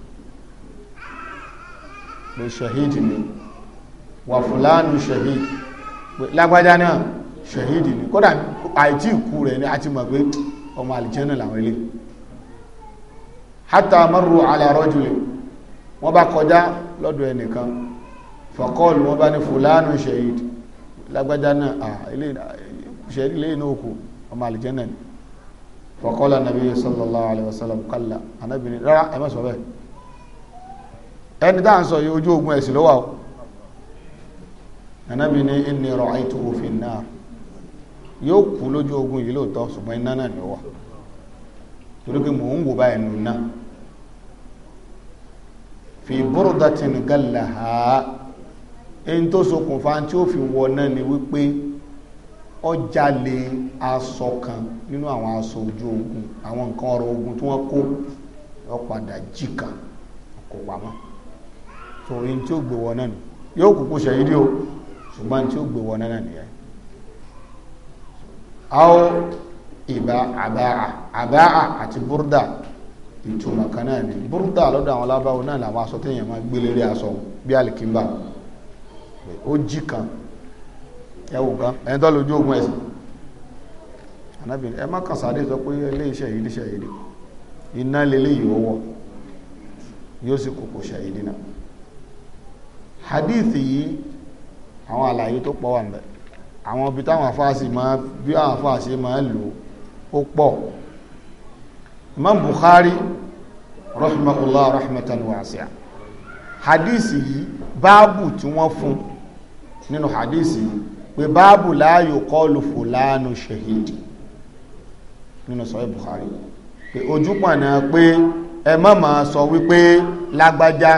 pé ṣẹ̀hídì ni wà fúlánù ṣẹ̀hídì pé lágbájá náà ṣẹ̀hídì ni kódà àìtí ìkú rẹ̀ ni a ti mọ̀ pé ọmọ àlìjẹ́nà làwọn ilé hátà mọ́rù alárọ́jùlẹ̀ wọ́n bá kọjá lọ́dọ̀ ẹnìkan fọ̀kọ́ọ̀lù wọ́n bá ní fúlánù ṣẹ̀hídì lágbájá náà ilé ṣẹ̀hídì lẹ́yìn òkú ọmọ àlìjẹ́nà ni fọkọ́lá nàbí sallallahu alayhi wa sallam kálá anábìnrin rárá ẹ má sọ bẹ́ẹ̀ ẹni tá à ń sọ yìí ojú ogun ẹ̀sìn ló wà o anábì ní inni ra'aytuhu fin nar yóò kú lójú ogun yìí lóòótọ́ ṣùgbọ́n iná náà ni wà torí pé mò ń wò báyìí nù náà fi burdatin gallaha ẹni tó ṣokùnfà tí ó fi wọ náà ni wípé ọjàlè aṣọ kan nínú àwọn aṣọ ojú ogun àwọn nǹkan ọrọ̀ ogun tí wọ́n kó ọ̀padà jì kan kò pamọ́ torí tí ó gbé náà nù yóò kúkú ṣẹ̀yí rí o ṣùgbọ́n tí ó gbé náà nìyẹn. àwọn ìbá àbáà àbáà àti búrúdà ìtumọ̀ kan náà ni búrúdà lọ́dọ̀ àwọn alábáwo náà làwọn aṣọ máa gbélé rí aṣọ bí ó jì ẹwù kan ẹni tó lójú ogun ẹ̀sìn anábìnrin ẹ má kàn sáré sọ pé ilé iṣẹ́ yìí ní ṣẹ̀yìdì iná lélé yìí ọwọ́ yóò sì kòkò ṣẹ̀yìdì náà hadith yìí àwọn àlàyé tó pọ̀ wà ńbẹ̀ àwọn ibi táwọn afáàsì máa bí àwọn afáàsì máa lò ó pọ̀ Imam Bukhari rahimahullah rahmatan wasi'a hadith yìí báàbù tí wọ́n fún nínú hadith yìí pé báàbù láàyò kọlù fòlánù ṣèhìdì nínú sọ Bukhari pé ojú pọ̀nà pé ẹ má máa sọ wípé lágbájá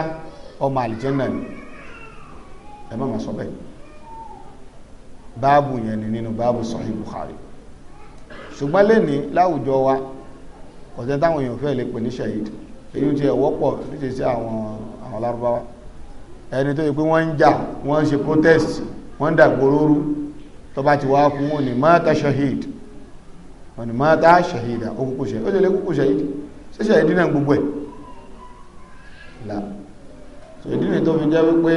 ọmọ àlìjẹ́nà ni ẹ má máa sọ bẹ́ẹ̀ báàbù yẹn ni nínú báàbù Sahih Bukhari ṣùgbọ́n lẹ́ni láwùjọ wa ọ̀sẹ̀ táwọn èèyàn fẹ́ lè pè ní ṣahid èyí tí ẹ̀ wọ́pọ̀ níṣẹ́ sí àwọn àwọn lárúbáwá ẹni tó yẹ pé wọ́n ń jà wọ́n ń ṣe protest wọ́n dàgbòrórú tó bá ti wá kú wọn ni mata shahid wọn ni mata shahida ó kúkú shahid ó lè kúkú shahid ṣe shahid náà gbogbo ẹ̀ là so ìdí ni tó fi jẹ́ wípé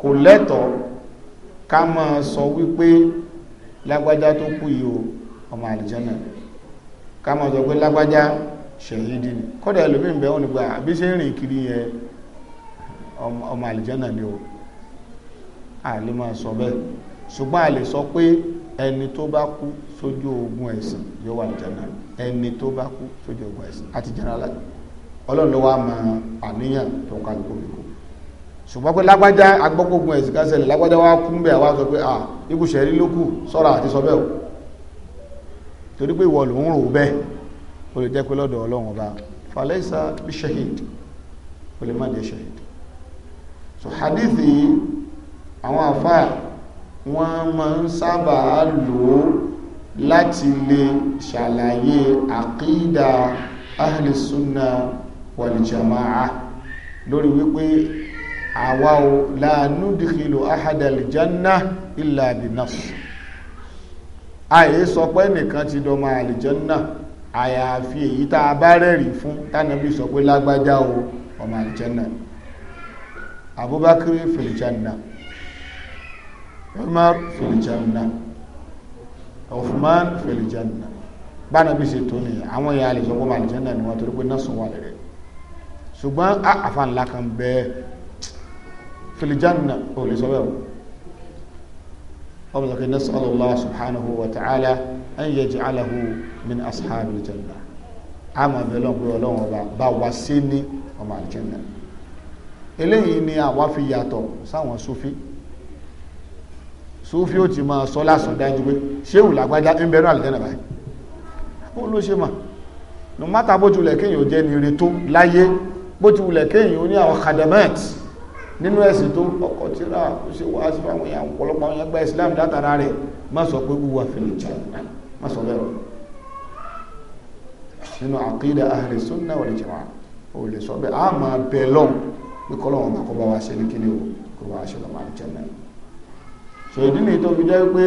kò lẹ́tọ̀ọ́ ká máa sọ wípé lágbájá tó kú yìí o ọmọ àlìjánà ká máa sọ pé lágbájá ṣẹ̀yídì ni kọ́dà ẹlòmíì ń bẹ wọn nígbà àbí rìn kiri yẹn ọmọ àlìjánà ni o àlè máa sọ bẹ́ẹ̀ ṣùgbọ́n àlè sọ pé ẹni tó bá kú sójú ogun ẹ̀sìn yóò wà jẹ́nà ẹni tó bá kú sójú ogun ẹ̀sìn àti jẹ́nà alájọ ọlọ́run ló wá mọ àníyàn tó ń kálukú mi ṣùgbọ́n pé lágbájá ẹ̀sìn wa kú bẹ́ẹ̀ wá sọ pé à ikú ṣẹ̀rí ló kù sọ́ra sọ bẹ́ẹ̀ o torí pé ìwọ rò bẹ́ẹ̀ o lè jẹ́ pé lọ́dọ̀ ọlọ́run ọba àwọn àfà wọ́n máa ń sábà lò ó láti lè ṣàlàyé àkídà ahlùsúnà wàlìjàmáà lórí wípé àwa o láàánú dìkìlò ahadàlìjánná ìlà àbìnàṣù àyè sọ pé nìkan ti dọmọ àlìjánná àyàfi èyí tá a bá rẹ̀rí fún tánàbí sọ pé lágbájá o ọmọ àlìjánná abubakar fìlìjánná Umar fil janna Uthman fil janna báwọn bí ṣe tó nìyẹn àwọn èèyàn àlejò kó máa àlejò náà ni wọn torí pé náà sùn wà lẹrẹ ṣùgbọ́n àfa ńlá kan bẹ́ẹ̀ fil janna ò lè sọ bẹ́ẹ̀ o ọmọ ìlọ́kẹ́ nas'alullah subhanahu wa ta'ala an yaj'alahu min ashabil janna àmọ́ bẹ́ẹ̀ lọ́n pé ọlọ́run ọba bá wa sí ní ọmọ àlejò náà eléyìí ni àwa fi yàtọ̀ sáwọn sufi sófí ó ti máa sọ lásán dájú pé ṣéwù làgbájá ń bẹ̀rù àlùjẹ́nà báyìí ó ló ṣe mà no matter bó ti wulẹ̀ kéèyàn jẹ́ ní ire tó láyé bó ti wulẹ̀ kéèyàn ó ní àwọn kadamet nínú ẹ̀sìn tó ọkọ̀ tí ra ó ṣe wá sí fáwọn èèyàn ọ̀pọ̀lọpọ̀ àwọn ẹgbẹ́ Islam látara rẹ̀ má sọ pé wúwa fìlìjà má sọ bẹ́rọ nínú àkídà ahli sunna wal jamaa ó lè sọ bẹ́ẹ̀ á máa bẹ̀ lọ́n pé kọ́lọ́wọ́n bá kọ́ bá wá ṣe ní kíni o kó wá ṣe lọ́mọ àjẹmẹ́ so ìdí tó fi jẹ́ pé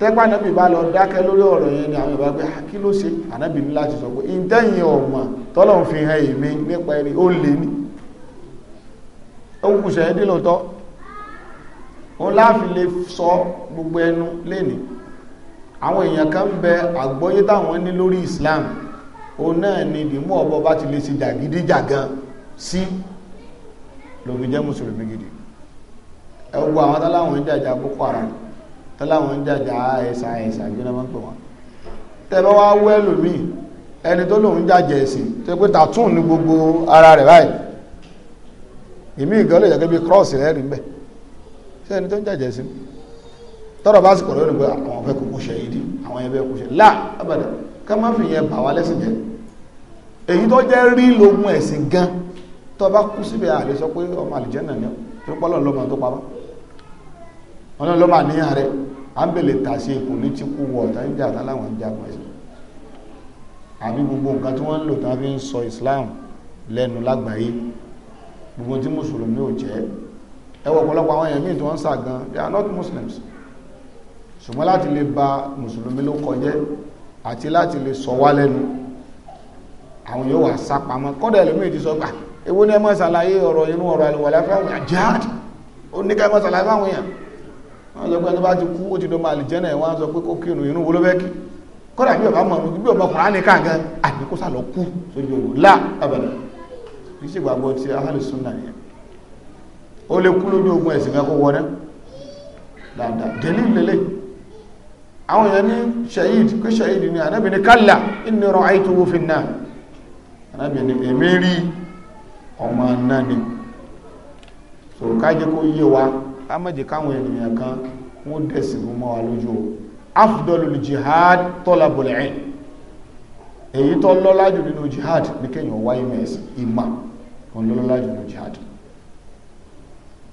tẹ́pá ànábì bá lọ dákẹ́ lórí ọ̀rọ̀ yẹn ni àwọn ìbá pé ah, kí ló ṣe ànábì ní láti sọ pé ìtẹ́yìn ọ̀mà tọ́lọ̀ ń fi sọ gbogbo ẹnu àwọn èèyàn kan ń bẹ àgbọ́yé táwọn Islam òun náà ni dìmú ọ̀bọ bá ti lè ṣe jàgídíjàgan sí ẹwọ àwọn tọ́láwọn ń jàjà boko haram tọ́láwọn ń jàjà ẹ̀sà ẹ̀sà bí wọ́n pè wọ́n tẹ́lọ́ wá wọ́ ẹlòmíì ẹni tó lòun jàjà ẹ̀sìn tó pé tàtún ní gbogbo ara rẹ̀ báyìí ìmí ìgbẹ́ lè jẹ́ bí cross rẹ̀ rí bẹ́ẹ̀ ṣé ẹni tó ń jàjà ẹ̀sìn tọ́rọ̀ bá sì kọ̀rọ̀ yóò ní pé àwọn fẹ́ kó kó ṣe yìí àwọn ẹgbẹ́ kó ṣe là abẹ́rẹ́ ká má fi yẹn bà wá lẹ́sìn jẹ́ èyí tó jẹ́ rí lógun ẹ̀sìn gan tó bá kú síbẹ̀ àlè sọ pé ọmọ àlìjẹ́ nàní tó pọ́lọ́ lọ́mọ tó pamọ́ ọlọ́run ló mà ní ààrẹ ábẹ̀lẹ̀ tàṣe political war tàbí àtàláwọn jagun ẹ̀sìn àbí gbogbo nǹkan tí wọ́n ń lò tán fi ń sọ Islam lẹ́nu lágbàáyé gbogbo tí mùsùlùmí ò jẹ́ ẹwọ ọ̀pọ̀lọpọ̀ àwọn èèyàn míì tí wọ́n ń sà they are not Muslims ṣùgbọ́n láti lè ba mùsùlùmí ló kọjẹ́ àti láti lè sọ wá lẹ́nu àwọn yóò wà sá pamọ́ kọ́dà ẹlòmíì ti sọ gbà èwo ni ẹ máa ṣàlàyé ọ̀rọ̀ inú ọ̀rọ̀ àlùwàlá fáwọn èèyàn jihad ó ní ká ẹ máa ṣàlàyé fáwọn èèyàn wọ́n sọ pé ẹni bá ti kú ó ti dọ́ máa lè jẹ́nà ẹ̀wọ́n sọ pé kó kírun irun wo ló fẹ́ kí kọ́dà bí ọba mọ̀ bí ọba kùnrin ní káàkiri àbí kó sàlọ kú sójú òru lá abẹ́rẹ́ kì í ṣègbàgbọ́ ti ahàlù súnà yẹn ó lè kú lójú ogun ẹ̀sìn kan kó dáadáa dẹ̀lí lélẹ̀ àwọn èèyàn ní shahid kí shahid ni anábì ní kálà inni ra'aytuhu fi náà anábì ní èmi rí ọmọ náà ni so kájẹ kó yé wa ká má jẹ́ káwọn ènìyàn kan wọ́n dẹ̀sìn mọ́ wa lójú o afdolul jihad tọ́labul ilm èyí tó lọ́lá jù nínú jihad ní kéèyàn wáyé mẹ́sìn ìmà òun lọ́lá jù nínú jihad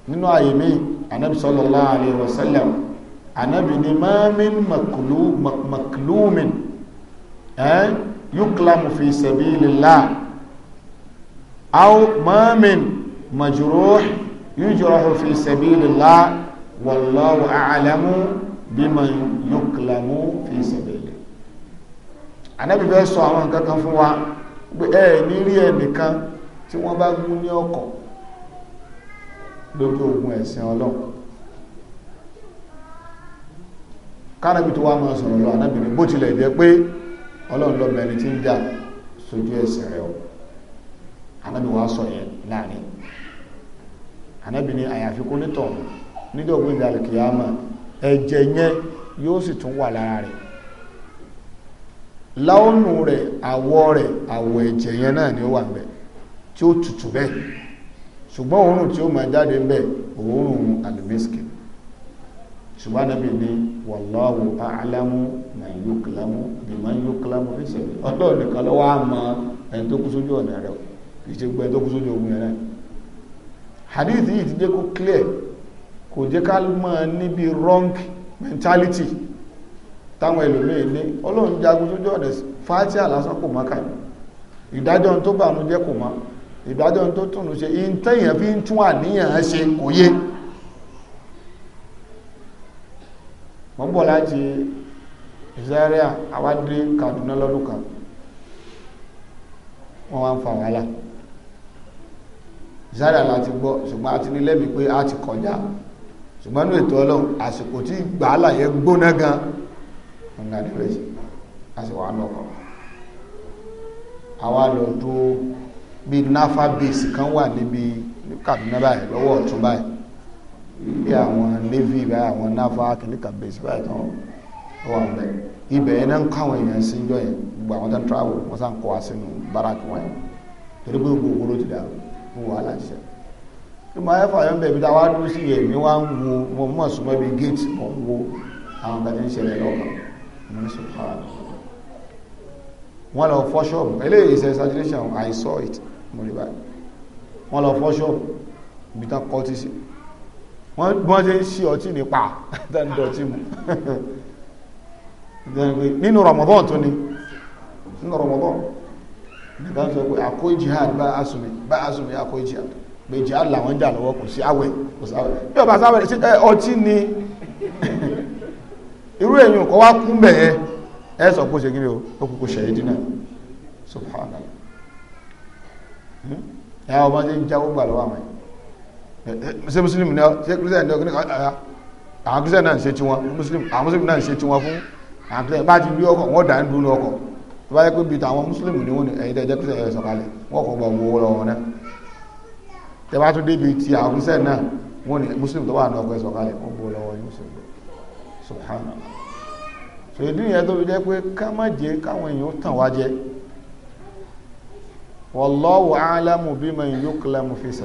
nínú àyè mi anabi sallallahu alayhi wa sallam anabi ni mamin maklumin eh yujrahu fi sabilillah wallahu a'lamu biman yuklamu fi sabilillah ànábì fẹ́ sọ àwọn nǹkan kan fún wa pé ẹ ní rí ẹnìkan tí wọ́n bá mú ní ọkọ̀ lójú ogun ẹ̀sìn ọlọ́run kánàbì tó wá máa sọ̀rọ̀ lọ ànábìnrin bó tilẹ̀ jẹ́ pé ọlọ́run lọ́mọ ẹni tí ń jà sójú ẹ̀sìn rẹ̀ ọ ànábì wá sọ yẹn láàrin ànábì ní àyàfi kó nítọ̀ nídọ̀gbọ́n ìdàlẹ̀ kìyàmà ẹ̀jẹ̀ yẹn yóò sì tún wà lára rẹ̀ láónù rẹ̀ àwọ̀ rẹ̀ àwọ̀ ẹ̀jẹ̀ yẹn náà ni ó wà bẹ̀ tí ó tutù bẹ́ẹ̀ ṣùgbọ́n òórùn tí ó máa jáde bẹ́ẹ̀ òórùn alimiski ṣùgbọ́n ànábì ní wallahu a'lamu man yuklamu bí man yuklamu fi sẹ́yìn ọlọ́ọ̀ nìkan lọ́wọ́ àmọ́ ẹni tó kú sójú ọ̀nà rẹ̀ kì í ṣe gbẹ́ tó kú sójú ogun yẹn náà hadith yìí ti jẹ́ kó clear kò jẹ́ ká mọ̀ níbi wrong mentality táwọn ẹlòmíì ní ọlọ́run jagun sójú ọ̀dẹ̀ fáti àlásán kò mọ́kà ìdájọ́ tó bànú jẹ́ kò mọ́ ìdájọ́ tó túnú ṣe in tẹ́yàn fi ń tún àníyàn ṣe kò yé wọ́n bọ̀ láti Zaria àwádìí Kaduna lọ́dún kan wọ́n wá ń fa wàhálà ìsáàdà láti gbọ́ ṣùgbọ́n a ti ní lẹ́mìí pé a ti kọjá ṣùgbọ́n ní ètò ọlọ́run àsìkò tí gbàálà yẹn gbóná gan ọ̀nà ìrẹsì a sì wà lọ́kọ̀ àwa lọ tó bí náfà bèsì kan wà níbi Kaduna báyìí lọ́wọ́ ọ̀tún báyìí bí àwọn navy báyìí àwọn náfà kìnnìkan bèsì báyìí tán wà bẹ́ẹ̀ ibẹ̀ yẹn náà ń kọ́ àwọn èèyàn sí jọ yẹn gbogbo àwọn tó ń travel wọ́n sá ń kọ́ wa sínú báràkì wọn yẹn torí gbogbo owó ló ti dàrú mú wàhálà ṣe kí mo ayẹ́fà yọ bẹ̀bí tá a dúró sí yẹ̀ mí wá ń wo mo mọ̀ súnmọ́ ibi géètì mo ń wo àwọn kan tí ń ṣẹlẹ̀ lọ́kàn mo ní sùpàrà wọ́n lọ fọ́ ṣọ́ọ̀bù eléyìí ìṣẹ́ saturation I saw it mo rí báyìí wọ́n lọ fọ́ ṣọ́ọ̀bù ibi tán kọ́ tí sí wọ́n gbọ́n ṣe ń ṣe ọtí nípa tán dọ̀tí mu nínú Ramadan tó ni nínú Ramadan nìkan sọ pé àkó jihad bá asùnmí ha asùnmí àkó jihad jà lọ́wọ́ kò sí àwẹ̀ kò sáwẹ̀ bí ọba ẹ ọtí ni irú èyàn kọ́ wá kú bẹ̀ẹ́ ẹ sọ pé ó ṣe kí ni o ó kúkú ṣe ìdí náà subhanallah hmm? ẹ ṣe ń ṣe ṣe àwọn náà ṣe tiwọn muslim àwọn muslim náà ṣe tiwọn fún àwọn bá ti rí dà ń tó bá yẹ pé bíi tàwọn mùsùlùmí ni wọ́n ní ẹ̀yin tẹ́ jẹ́ sọ̀kalẹ̀ wọ́n kò gbọ́ owó lọ́wọ́ náà tẹ́ bá débi ti àwọn sẹ́yìn náà wọ́n ní mùsùlùmí tó wà náà kọ́ sọ̀kalẹ̀ wọ́n lọ́wọ́ yẹn tó fi jẹ́ pé ká má káwọn èèyàn tàn wá jẹ fi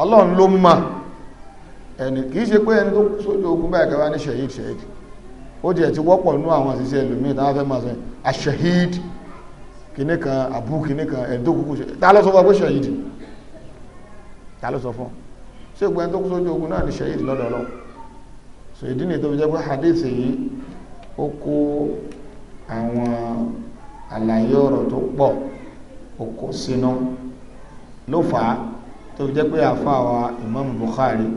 ọlọ́run ló mọ̀ ẹni kì í ṣe pé ẹni tó sójú ogun báyìí kẹwàá ní ó tiẹ̀ ti wọ́pọ̀ nú àwọn àṣìṣe ẹlòmíì táwọn fẹ́ máa sọ aṣahid kìnnì kan abu kìnnì kan ẹ̀dó kúkú ṣe ta ló sọ fún ọ pé ṣahid ta ló sọ fún ọ ṣé gbogbo ẹni tó kú sójú ogun náà ni ṣahid lọ́dọ̀ ọlọ́run so ìdí nìyí tó fi jẹ́ pé hadith yìí ó kó àwọn àlàyé ọ̀rọ̀ tó pọ̀ òkò sínú ló fà á tó fi jẹ́ pé àfa wa Imam Bukhari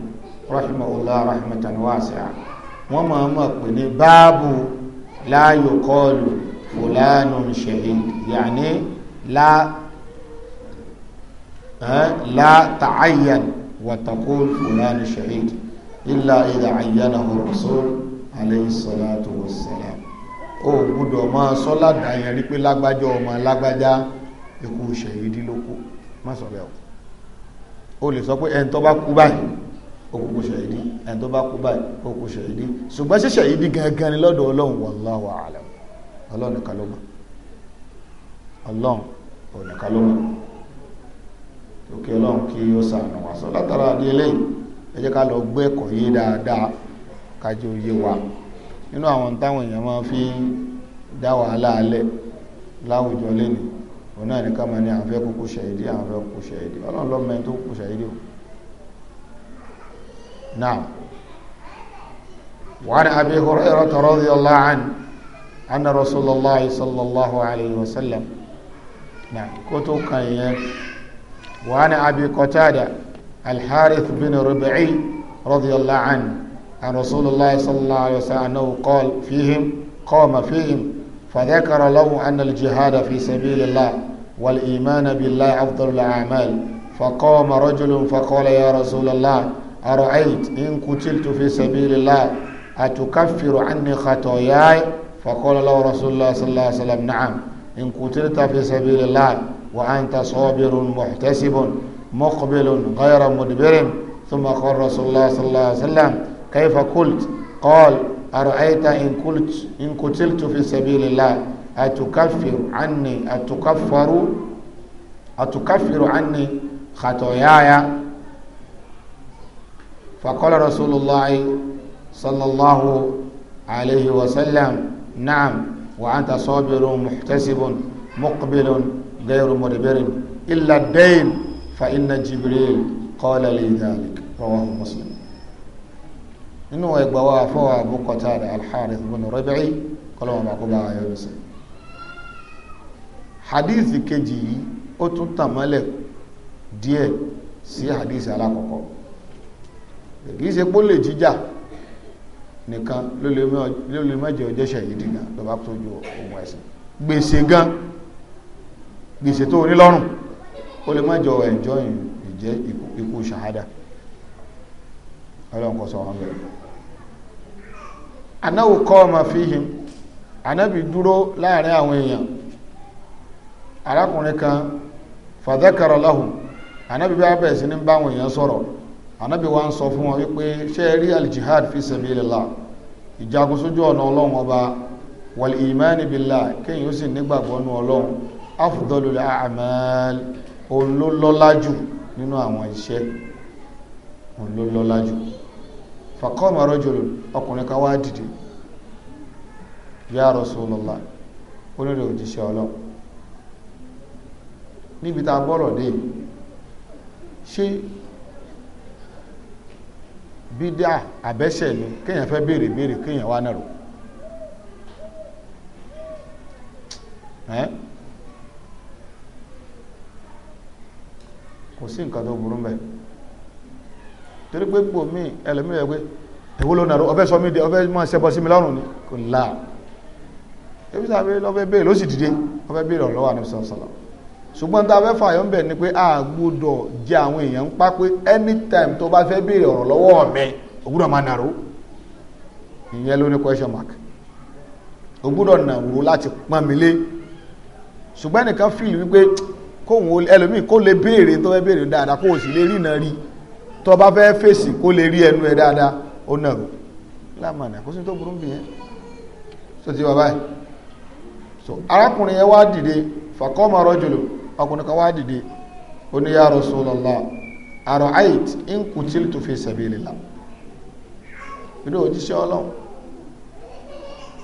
rahimahullah rahmatan wasi'a wọ́n máa mọ̀ pé ní báàbù láàyò kọlù fòlánù ṣẹ̀hìn yàní látàáyàn wàtàkó fòlánù ṣẹ̀hìn ilá ìdá àyànà rasul alayhi salatu wassalam ó gbọ́dọ̀ máa sọ ládàáyàn rí pé lágbájá ọmọ lágbájá ikú ṣẹ̀hìn dílókù má sọ bẹ́ẹ̀ o lè sọ pé ẹni tó bá kú báyìí òkùnkù ṣàyídí ẹni tó bá kú báyìí òkùnkù ṣàyídí ṣùgbọ́n ṣe ṣàyídí gangan ni lọ́dọ̀ ọlọ́run wallahu a'lam ọlọ́run nìkan ló mọ̀ ọlọ́run nìkan ló mọ̀ òkè ọlọ́run kí ó sàánù wá sọ látara ní eléyìí ẹ jẹ́ ká lọ gbé ẹ̀kọ́ yé dáadáa kájú yé wa nínú àwọn táwọn èèyàn máa fi dá wàhálà alẹ́ láwùjọ lẹ́nu òun náà nìkan máa ní àwọn fẹ́ kúkú ṣàyídí àwọn fẹ́ kúkú ṣàyídí ọlọ́run lọ́mọ نعم وعن أبي هريرة رضي الله عنه أن رسول الله صلى الله عليه وسلم نعم كتب كان وعن أبي قتادة الحارث بن ربعي رضي الله عنه عن رسول الله صلى الله عليه وسلم أنه قال فيهم قام فيهم فذكر له أن الجهاد في سبيل الله والإيمان بالله أفضل الأعمال فقام رجل فقال يا رسول الله أرأيت إن قتلت في سبيل الله أتكفر عني خطاياي فقال له رسول الله صلى الله عليه وسلم نعم إن قتلت في سبيل الله وأنت صابر محتسب مقبل غير مدبر ثم قال رسول الله صلى الله عليه وسلم كيف قلت قال أرأيت إن قلت إن قتلت في سبيل الله أتكفر عني أتكفر أتكفر عني خطاياي فقال رسول الله صلى الله عليه وسلم نعم وأنت صابر محتسب مقبل غير مدبر إلا الدين فإن جبريل قال لي ذلك رواه مسلم إنه يقبوا فوا أبو الحارث بن ربعي قالوا ما قبا يونس حديث كجي أتنتملك ديه سي حديث على قبو kì í ṣe pó lè jíjà nìkan ló lè mọ́jẹ ọjẹ́ṣẹ̀ yìí dìgbà bá tójú ohun ẹ̀sìn gbèsè gan gbèsè tó ní lọ́rùn ó lè mọ́jẹ ẹ̀jọ́ ìjẹ́ ikú ṣàhádà ọlọ́run sọ wọn bẹ̀rẹ̀ anáwó kọ́ ọmọ fíhìn anábì dúró láàrin àwọn èèyàn arákùnrin kan fàdákàrọ̀ láhùn anábì bá bẹ̀rẹ̀ sí ní báwọn èèyàn sọ̀rọ̀ anabi wa ń sọ fún wọn wípé ṣé ẹ rí aljihad fi sabilillah ìjagun sójú ọ̀nà ọlọ́run ọba wal imani billah kéyìn ó sì nígbàgbọ́ nú ọlọ́run afdalul a'mal òun ló lọ́lá jù nínú àwọn iṣẹ́ òun ló lọ́lá jù faqama ọkùnrin kan wá dìde ya Rasulullah onírè òjíṣẹ́ ọlọ́run níbi tá a bọ́rọ̀ dé ṣé bídà àbẹ́sẹ̀ ni kéèyàn fẹ́ béèrè béèrè kéèyàn wá nàró kò sí nǹkan tó burú mẹ́ torí pé gbò mí ẹlòmí ẹgbẹ́ èwo ló nàró ọbẹ̀ sọ mí dé ṣẹbọ sí mi ni kò láà ebi sábẹ́ lọ́fẹ́ béèrè ló sì béèrè ọ̀lọ́wà ṣùgbọ́n tá a fẹ́ fààyàn bẹ̀ ni pé a gbọ́dọ̀ jẹ àwọn èèyàn ń pa pé anytime tó bá fẹ́ béèrè ọ̀rọ̀ lọ́wọ́ mi o gbọ́dọ̀ máa nàró ìyẹn ló ní question mark o gbọ́dọ̀ nàró láti pọ́n mi lé ṣùgbọ́n ẹnìkan fìlì wípé kóhun ẹlòmíì kó lè béèrè tó fẹ́ béèrè dáadáa kó o sì lè rí iná rí tó bá fẹ́ fèsì kó lè rí ẹnu ẹ dáadáa ó nàró lámàna kó sì tó burú bìyẹn sọ ti bàbá yìí so arákùnrin yẹn wá dìde fàkọ́ ọmọ ọrọ̀ jùlọ ọkùnrin kan wá dìde ó ní ya Rasulullah ara'ayt in qutiltu fi sabilillah ìdí òjíṣẹ́ ọlọ́run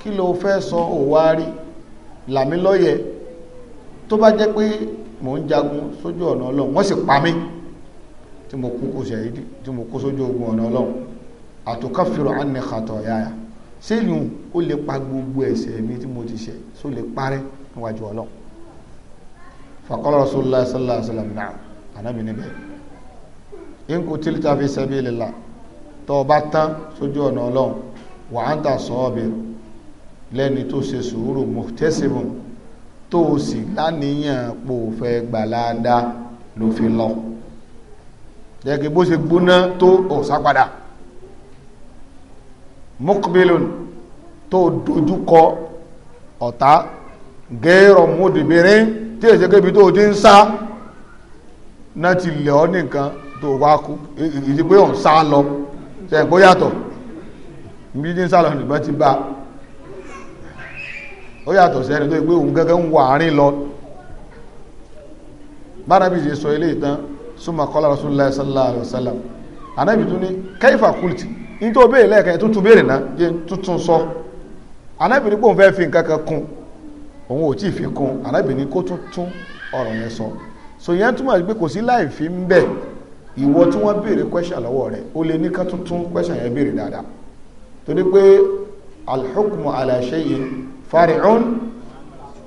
kí ló fẹ́ sọ òwárí làmí lọ́yẹ̀ tó bá jẹ́ pé mò ń jagun sójú ọ̀nà ọlọ́run wọ́n sì pa mí tí mo kú kò sẹ̀yìdì tí mo kú sójú ogun ọ̀nà ọlọ́run àtòkáfìrò ànì kàtọ̀ yáyà sẹ́yìn ó lè pa gbogbo ẹ̀ṣẹ̀ mi tí mo ti ṣẹ̀ só parẹ́ níwájú ọlọ́run faqala rasulullah sallallahu alaihi wasallam na'am ànábì níbẹ̀ in qutilta fi sabilillah tó o bá tán sójú ọ̀nà ọlọ́run wa anta sabir lẹ́ni tó ṣe sùúrù muhtasibun tó o sì láníyàn pò fẹ́ gbàládá ló fi lọ jẹ́kí bó ṣe gbóná tó mukbilun tó dojúkọ ọ̀tá gẹ́rọ̀ mọ́dìbìrín tí èsì kébi tó ti sá náà ti lẹ̀ ọ́ nìkan tó wá kú ìdí pé òun sá lọ ṣe kó yàtọ̀ bí sá lọ tó pé òun gẹ́gẹ́ ń wà lọ bára ṣe sọ ilé ìtàn súnmọ́ kọ́lá rasulullah sallallahu ní kulti ní tó béèrè lẹ́ẹ̀kan béèrè náà jẹ́ tuntun sọ ní fẹ́ fi nǹkan kan kún òun ò tí ì fi kún arábìnrin kó tún tún ọ̀rọ̀ yẹn sọ so yẹn túmọ̀ sí pé kò sí láì fi ń bẹ̀ ìwọ tí wọ́n béèrè question lọ́wọ́ rẹ̀ ó lè ní ká tún tún question yẹn béèrè dáadáa torí pé alḥukmu ala shay'in fari'un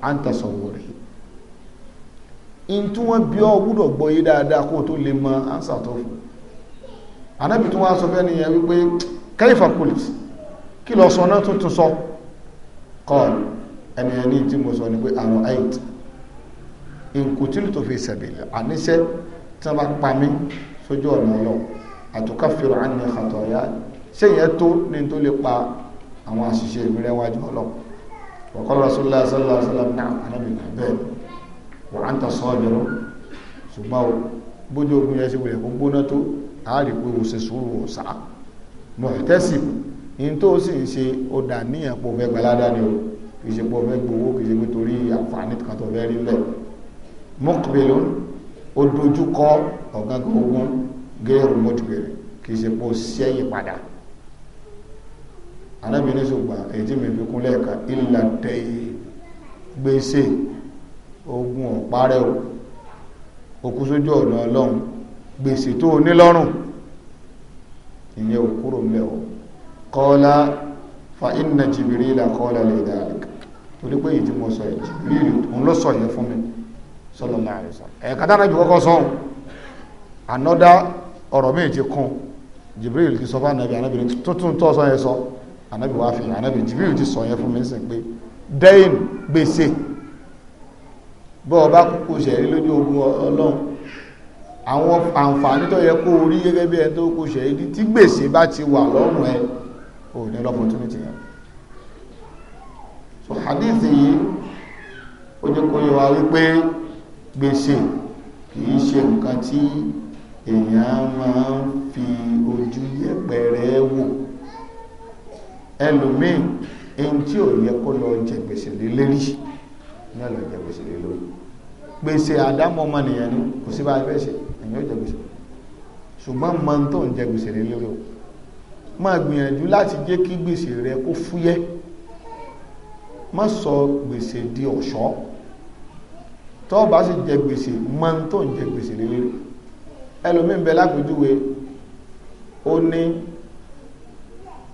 an tasawwuri in tí wọ́n bí ọ gbúdọ̀ gbọ́ yé dáadáa kó tó lè mọ ansa tó fún anábì tí wọ́n sọ fẹ́ nìyẹn wípé kayfa qult kí lọ sọ náà tuntun sọ kọ́ọ̀lù ẹni ẹni tí mo sọ ni pé àrùn àìt nkùtìlù tó fi sẹ̀bìlì àníṣẹ́ tí wọ́n bá pa mí sójú ọ̀nà ọlọ́ àtúkà fèrò àní àtọ̀ ọ̀yá ṣé ìyẹn tó ní tó lè pa àwọn àṣìṣe ìrírẹ́ wájú ọlọ́ wọ́kọ́ rasulullah sallallahu alaihi wasallam náà anábìnrin bẹ́ẹ̀ wà á ń tà sọ́ọ̀dọ̀rọ̀ ṣùgbọ́n bójú ogun yẹn ṣe wulẹ̀ kó gbóná tó àárí pé o ṣe sùúrù o sá mọ̀tẹ́sì ní tó sì ń ṣe ó dà níyàn pò fẹ́ gbaládá ni o kì í ṣe pé gbowó kì pé torí àǹfààní kan tó fẹ́ rí lẹ̀ mọ́kùbẹ̀lú ó dojú kọ ọ̀gángan ogun gẹ́rù mọ́jùbẹ̀rẹ̀ kì í sẹ́yìn padà arábìnrin ṣùgbọ́n èyí tí kún lẹ́ẹ̀ka ìlà tẹ̀yẹ gbèsè ogun ọ̀párẹ́ o okú sójú ọ̀nà ọlọ́run gbèsè tó o ní lọ́rùn ìyẹn ò kúrò mẹ́ o kọ́lá fa inna Jibrila kọ́lá lè dáadé torí pé èyí tí mo sọ yìí rírí òun ló sọ yẹn fún mi sallallahu alaihi wasallam ẹ̀ka dára jù kọ́kọ́ sọ́hun ànọ́dá ọ̀rọ̀ mi ti kún Jibril ti sọ fún anabi anabi ní tuntun tó sọ yẹn sọ anabi wàá fi anabi Jibril ti sọ yẹn fún mi ń sìn pé dẹ́yìn gbèsè bọ́ ọba kúkú ṣẹ̀rí lójú ogun ọlọ́run àwọn àǹfààní tó yẹ kó o rí gẹ́gẹ́ bí ẹni tó kú ṣẹ̀rí tí gbèsè bá ti wà lọ́rùn ẹ ò lọ́pọ̀ tó ní ti yẹn so hadith yìí ó jẹ́ kó yé wa wípé gbèsè kìí ṣe nǹkan tí èèyàn máa fi ojú yẹpẹrẹ wò ẹlòmíì ẹni tí ò yẹ kó lọ jẹ gbèsè lé lérí náà lọ jẹ gbèsè lé lórí gbèsè àdámọ́ ni kò sí bá fẹ́ ṣe èyàn ó jẹ gbèsè ṣùgbọ́n mọ́ tó ń jẹ gbèsè lé lórí o máa gbìyànjú láti jẹ́ kí gbèsè rẹ kó fúyẹ́ má sọ gbèsè di ọ̀ṣọ́ tó bá sì jẹ gbèsè mọ́ tó ń jẹ gbèsè lé lérí bẹ lápèjúwe ó ní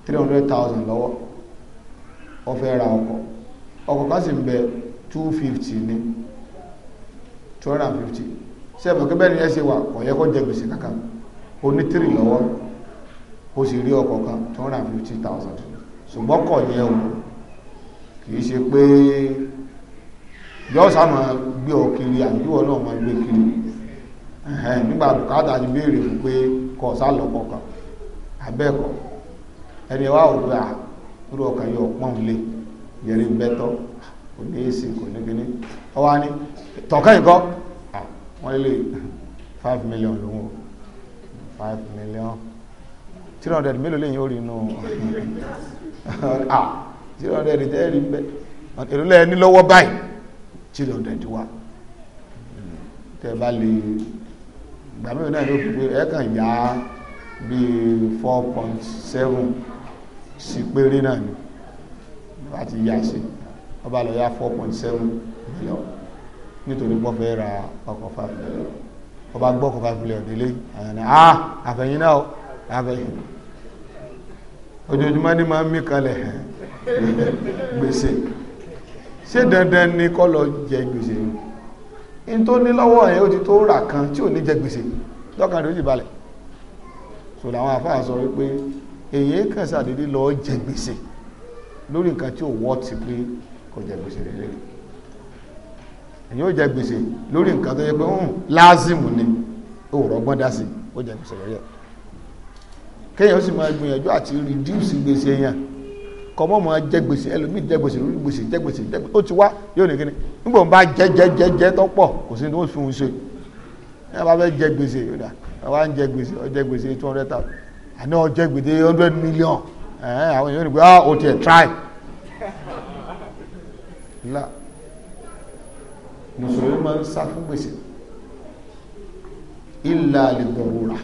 300,000 lọ́wọ́ ó ra ọkọ̀ ọkọ̀ kan sì ń bẹ 250 ní 250 sẹ́bọ̀ kí bẹ́ẹ̀ ni ẹ ṣe wà kò kó jẹ gbèsè kankan ó ní 3 lọ́wọ́ ó sì rí ọkọ̀ kan 250,000 ṣùgbọ́n kọ̀ yẹ kìí ṣe pé yọ́ sáàmà gbé ọkiri kiri náà gbé kiri nígbà bùkátà ti béèrè fún pé kọ̀ sálọ kọkàn abẹ́ẹ̀kọ́ ẹni wá ò gbé àrú ọkàn yọ pọ́n lé yẹrí bẹ́tọ́ kò ní èsì kò ní kíní ọwá ní million million mélòó lè yín ó ah zero hundred tẹ́ rí bẹ́ẹ̀ ìrúlẹ̀ ẹni lọ́wọ́ báyìí zero hundred wa tẹ́ bá lè gbà mí náà ló fi pé ẹ point seven sí péré náà ni láti yá four point seven million nítorí wọ́n fẹ́ ra ọkọ̀ five million wọ́n bá gbọ́ ọkọ̀ five million délé ah, ni máa ń gbèsè ṣé dandan ni kó lọ jẹ gbèsè ni n tó ní lọ́wọ́ yẹn ó ti tó rà kan tí ò ní jẹ gbèsè lọ́kàn rẹ̀ ó sì balẹ̀ so làwọn àfáà sọ wípé èyí kàn ṣàdédé lọ jẹ gbèsè lórí nǹkan tí ò wọ́ ti pé kò jẹ gbèsè rẹ̀ lẹ́yìn èyí ó jẹ gbèsè lórí nǹkan tó yẹ pé ń hmm, láàzìmù ni ó rọgbọ́n dá sí ó jẹ gbèsè lórí ẹ̀ kéèyàn sì máa gbìyànjú àti reduce gbèsè yẹn kọ́mọ́ mọ́ jẹ gbèsè ẹlòmíì jẹ gbèsè lórí gbèsè jẹ gbèsè jẹ gbèsè ó ti wá yóò ní kíni nígbà wọn bá jẹ jẹ jẹ jẹ tó pọ̀ kò sí ní tó fi hun ṣe ẹ bá fẹ́ jẹ gbèsè yóò dà wọn bá ń jẹ gbèsè ọjẹ gbèsè two hundred thousand àná ọjẹ gbèdé hundred million ẹ àwọn èèyàn ní pé ah o tiẹ̀ try la mùsùlùmí máa ń sá fún gbèsè ìlà lè gbọ̀rọ̀ rà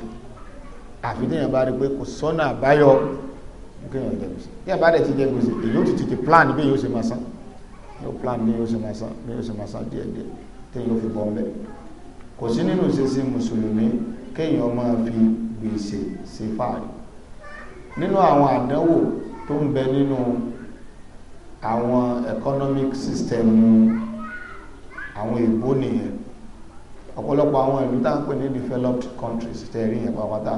àfi téèyàn bá rí pé kò sọ́nà àbáyọ kéèyàn jẹ gbèsè bí ẹ bá dẹ̀ ti jẹ gbèsè èyí ó ti tètè plan bí yóò ṣe máa san yóò plan bí yóò ṣe máa san bí yóò ṣe máa san díẹ̀ díẹ̀ téyìn ó fi bọ́ ọ́nbẹ́ kò sí nínú ìṣesí mùsùlùmí kéèyàn máa fi gbèsè ṣe fáàrí nínú àwọn àdánwò tó ń bẹ nínú àwọn economic system àwọn èbó nìyẹn ọ̀pọ̀lọpọ̀ àwọn ìlú tá à ń pè ní developed countries tẹ̀rí yẹn pàápàá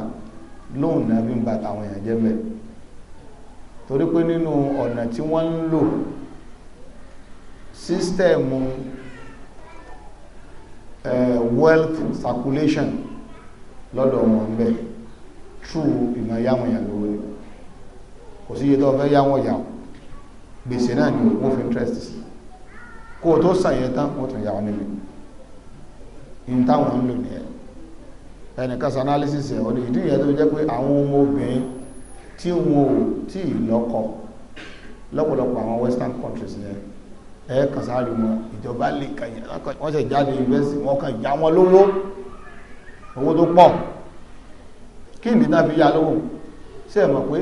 lóun náà fi ń bàtà àwọn èèyàn jẹ́ bẹ́ẹ̀ torí pé nínú ọ̀nà tí wọ́n ń lò sístẹ̀mù eh, wealth circulation lọ́dọ̀ wọn ń bẹ̀ through ìmọ̀ yáwọn ìyàwó rẹ̀ kò sí iye tó fẹ́ yáwọn ìyàwó gbèsè náà ni wọ́n fi interest sí kó o tó sàyẹ tán wọ́n tún yàwó níbi in táwọn ń lò nìyẹn ẹnìkan sanalysis ẹ̀ ọ̀dọ̀ ìdí ìyẹn tó jẹ́ pé àwọn ọmọ obìnrin tí wọn ò tí ì lọ́kọ lọ́pọ̀lọpọ̀ àwọn western countries yẹn ẹ kàn sáré wọn ìjọba lè kàyàn wọ́n ṣe jáde university wọn kàn já wọn lówó owó tó pọ̀ kí ni náà fi yá lówó ṣe é mọ̀ pé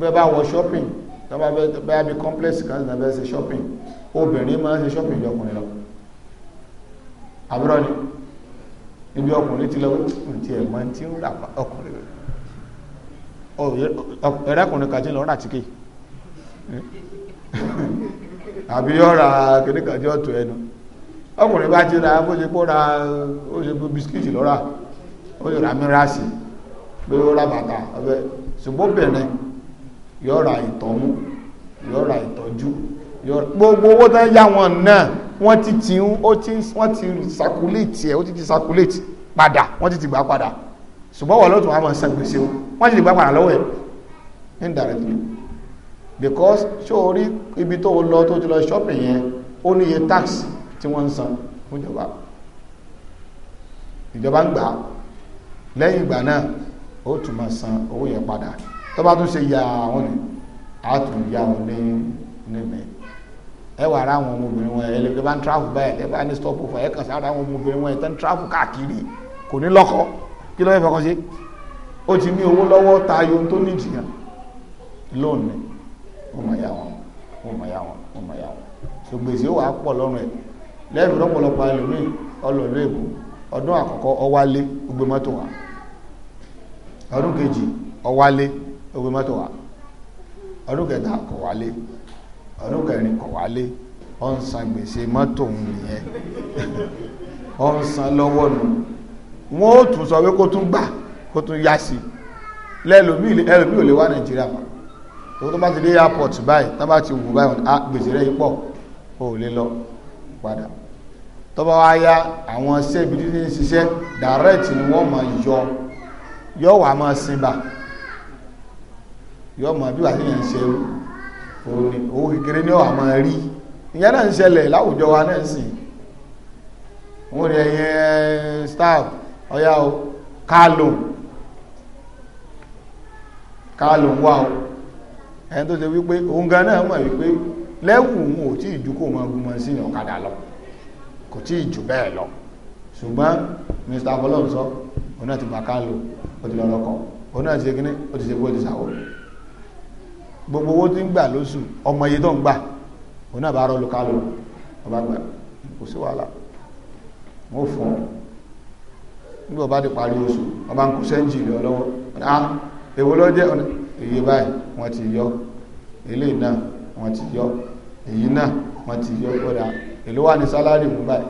bẹ́ẹ̀ bá wọ shopping tọ́ba bẹ́ẹ̀ bi complex kan náà bẹ́ẹ̀ ṣe shopping obìnrin máa ń ṣe shopping ju ọkùnrin lọ àbúrò ni ibi ọkùnrin ti lọ tí ẹ̀ máa ń ti ń rà ọkùnrin rẹ̀ ẹ̀rẹ́kùnrin kàtí lọ rà tíkì àbí ọ̀rà kìíní kàtí ọ̀tọ̀ ẹnu ọkùnrin bá ti ra bó ṣe pọ́ ra ó ṣe bó bisikíìtì lọ́ra ó ṣe ra mírasì pé ó ra bàtà ọbẹ̀ ṣùgbọ́n bẹ̀rẹ̀ yọ ra ìtọ́mú yọ ra ìtọ́jú gbogbo owó tán yá wọn náà wọ́n ti ti ń ó ẹ̀ ó ti ti circulate padà wọ́n ti ti gbà padà ṣùgbọ́n wọ́n lọ́tún wọn máa san gbèsè o wọ́n ti lè gbá padà lọ́wọ́ ẹ̀ indirectly because ṣó o rí ibi tó lọ tó ti lọ shopping yẹn ó ní iye tax tí wọ́n ń san fún ìjọba ìjọba ń gbà lẹ́yìn ìgbà náà ó tún máa san owó yẹn padà tó bá tún ṣe ya àwọn ni a tún ya wọn ní níbẹ̀ ẹ wà ara àwọn ọmọbìnrin wọn ẹ lè bá ń travel báyìí ẹ bá ní stop fún ẹ kàn sára àwọn ọmọbìnrin wọn ẹ tán travel káàkiri kò ní lọ́kọ̀ọ́ kí ló fẹ́ sí ó ti ní owó lọ́wọ́ tayọ tó ní ìjìyàn lónìí ó mọ̀ ya wọn ó mọ̀ ya wọn ó mọ̀ ya wọn so gbèsè pọ̀ lọ́rùn ẹ̀ lẹ́yìn lọ́pọ̀lọpọ̀ èbó ọdún àkọ́kọ́ ọwálé ogbe mọ́tò wa ọdún kejì ọwálé ogbe mọ́tò wa ọdún kẹta ọdún kẹrin wọ́n ó tún sọ pé kó tún gbà kó tún yá sí lẹ́lòmí ẹlòmí ò lè wá nàìjíríà mọ́ tó tó bá ti dé airport báyìí tó bá ti wù báyìí á gbèsè rẹ̀ yìí pọ̀ ò lè lọ padà tó bá wá yá àwọn sẹ́ẹ̀bì tí ń ṣiṣẹ́ direct ni wọ́n máa yọ yọ wà máa sinba yọ máa bí wà sí yẹn ṣe ẹrú owó kékeré ní ọ̀hà máa rí ìyẹn náà ń ṣẹlẹ̀ láwùjọ wa náà sì wọ́n rí ẹyẹ eh, staff ọ̀yá o káàlò káàlò wà o ẹni tó ṣe wípé òun gan náà mọ̀ wípé lẹ́wù òun ò tí ìjú kò mọ gúnmọ́ sí ọ̀kadà lọ kò tí ìjú bẹ́ẹ̀ lọ ṣùgbọ́n mr abolon sọ òun náà ti gbà káàlò ó ti lọ lọ́kọ òun náà ti ṣe kíní ó ti ṣe bó ti ṣàwó gbogbo owó tí ń gbà lóṣù ọmọ iye tó ń gbà òun náà bá rọ lu káàlò ọba gbà kò sí wàhálà wọn fún ọ nígbà ọba ti parí oṣù ọba ń kó sẹ́ńjì lọ lọ́wọ́ ah èwo ló jẹ́ èyí báyìí wọ́n ti yọ èlé náà wọ́n ti yọ èyí náà wọ́n ti yọ kódà èló wà ní sálárì mú báyìí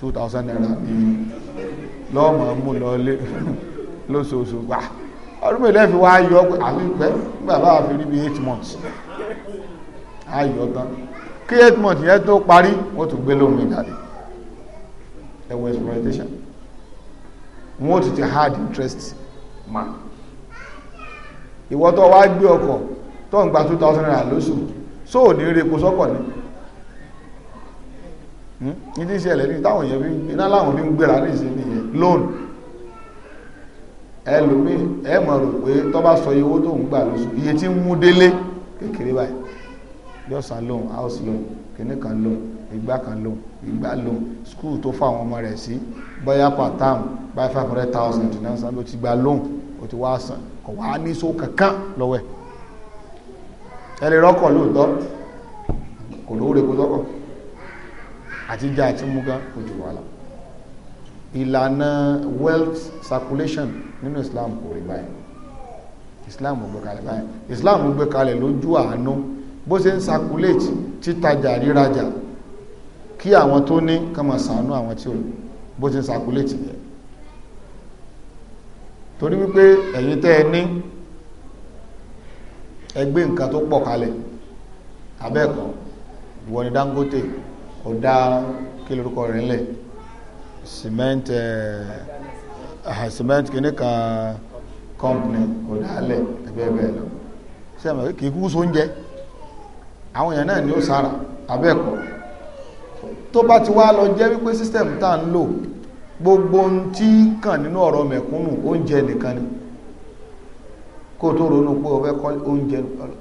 two thousand naira ní lọ́ọ̀mù mú lọ lé lóṣooṣù gbà ọdún mélòó fi wá yọ pé àfi fi rí bí eight months á yọ tán kí eight months yẹn tó parí wọ́n tún gbé lómi jáde ẹ̀wọ̀ exploitation wọ́n ti ti hard interest ma ìwọ tó wá gbé ọkọ̀ tó ń gba two thousand naira lóṣù só ò ní rí epo sọ́kọ̀ ni hmm? ní tí ń ṣe ẹ̀lẹ́ni táwọn èèyàn fi iná láwọn fi ń gbéra ní ìsinmi yẹn loan ẹlòmíì ẹ mọ̀ rò pé tó bá sọ iye tó ń gbà lóṣù iye tí ń mú délé kékeré báyìí yọ̀sán loan house loan kìnnìkan loan ìgbà kan lò ìgbà lò skul to fún àwọn ọmọ rẹ̀ sí bóyá per term by five hundred thousand náà san ló ti gba loan ó ti wá san kò wá ní so kankan lọ́wọ́ ẹ̀ ẹ lè rọ́kọ̀ lóòótọ́ kò lóore kó lọ́kọ̀ àti jẹ́ àti mú gan kò jù wàhálà ìlànà wealth circulation nínú Islam kò rí báyìí Islam gbé kalẹ̀ báyìí Islam gbé kalẹ̀ lójú àánú bó ṣe ń circulate títajà rírajà kí àwọn tó ní kọmọ sànú àwọn tí ò bó ti sàkúlẹ̀tì yẹ torí wípé ẹ̀yin tẹ́ ẹ ní ẹgbẹ́ nǹkan tó pọ̀ kalẹ̀ abẹ́ẹ̀kọ́ ìwọ Dangote ó dá kí lórúkọ rẹ̀ ńlẹ̀ cement ẹ̀ eh, eh, cement kìíní kan company ó dálẹ̀ ẹgbẹ́ bẹ́ẹ̀ lọ sẹ́mi kìí kú sóúnjẹ àwọn èèyàn náà ni ó sára abẹ́ẹ̀kọ́ tó bá ti wá lọ jẹ́ wípé system tá ń lò gbogbo ohun tí kàn nínú ọ̀rọ̀ mẹ̀kúnnù oúnjẹ nìkan ni kó tó ronú pé o fẹ́ kọ́ oúnjẹ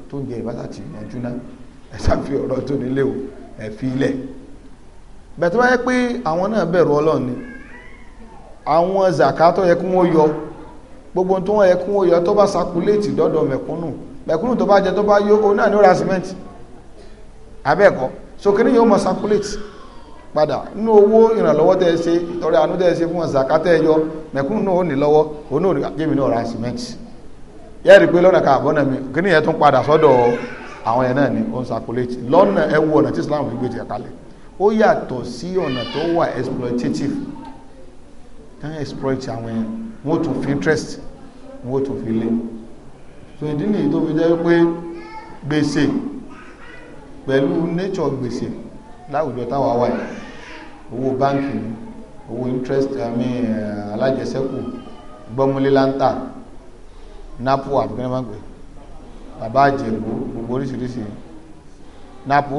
tó ń jẹ ìbáṣà ti yanjú náà ẹ sáfi ọ̀rọ̀ tó nílé o ẹ fi ilẹ̀ bẹ̀tẹ̀ bá yẹ pé àwọn náà bẹ̀rù ọlọ́run ni àwọn zaka tó yẹ kí wọ́n yọ gbogbo tó yẹ kí wọ́n yọ tó bá sakuléètì dọ́dọ̀ mẹ̀kúnnù mẹ̀kúnnù tó bá jẹ tó bá yó o náà ní ó ra sìmẹ́ǹtì abẹ́ẹ̀kọ́ so kí yóò mọ sakuléètì padà nínú owó ìrànlọ́wọ́ tẹ́ ṣe tọrẹ àánú tẹ́ ṣe fún wọn zakatẹ́ yọ mẹ̀kún náà ó ní lọ́wọ́ òun náà gémi náà ra sìmẹ́ǹtì yẹ́rì pé lọ́nà káàbọ̀ náà mi kí ni ẹ̀ tún padà sọ́dọ̀ àwọn ẹ̀ náà ni ó ń sakuléètì lọ́nà ẹ wo ọ̀nà tí Islam fi gbé tiẹ̀ kalẹ̀ ó yàtọ̀ sí ọ̀nà tó wà exploitative tán exploit àwọn ẹ̀ wọ́n tún fi interest wọ́n tún fi lé so ìdí nìyí tó fi jẹ́ pé gbèsè pẹ̀lú nature gbèsè láwùjọ táwa wà yìí owó báńkì ni owó interest àmì eh, alájẹsẹ́kù gbọ́múlé láńtà napo àbúgbẹ́nàmàgbẹ́ bàbá àjẹ̀bú gbogbo oríṣiríṣi napo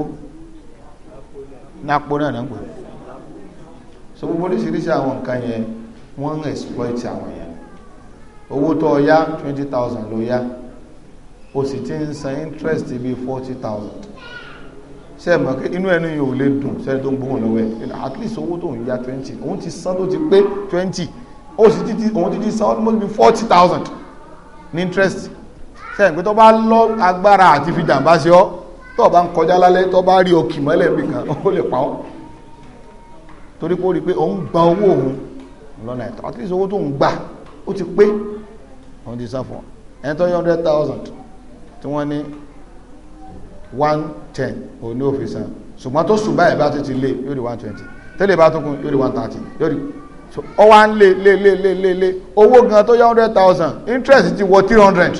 napo náà nàgbẹ́ so gbogbo oríṣiríṣi àwọn nǹkan yẹn wọ́n ń exploit àwọn yẹn owó tó o yá twenty thousand ló yá o sì ti ń san interest bíi forty thousand ṣe é mọ̀ pé inú ẹni yóò lè dùn sẹ́ni tó ń gbóhùn lọ́wọ́ ẹ̀ at least owó tó ń ya twenty òun ti san tó ti pé twenty ó sì ti ti òun ti ti san almost be forty thousand ní interest ṣe é pé tó bá lọ agbára àti fi jàǹbá ṣe ọ́ tó o bá ń kọjá lálẹ́ tó o bá rí ọkì mọ́lẹ̀ mi kan ó lè pa ọ́ torí pé ó rí pé òun gba owó òun lọ́nà ẹ̀tọ́ at least owó tó ń gbà ó ti pé òun ti san fún ẹni tó yọ hundred thousand tí wọ́n ní one ten òní òfin san ṣùgbọ́n tó sùn báyìí bá ti ti lé yóò di one twenty tẹ́lẹ̀ bá tó kún yóò di one thirty yóò di ọ wá ń lé lé lé lé lé lé owó gan tó yá hundred thousand interest ti wọ three hundred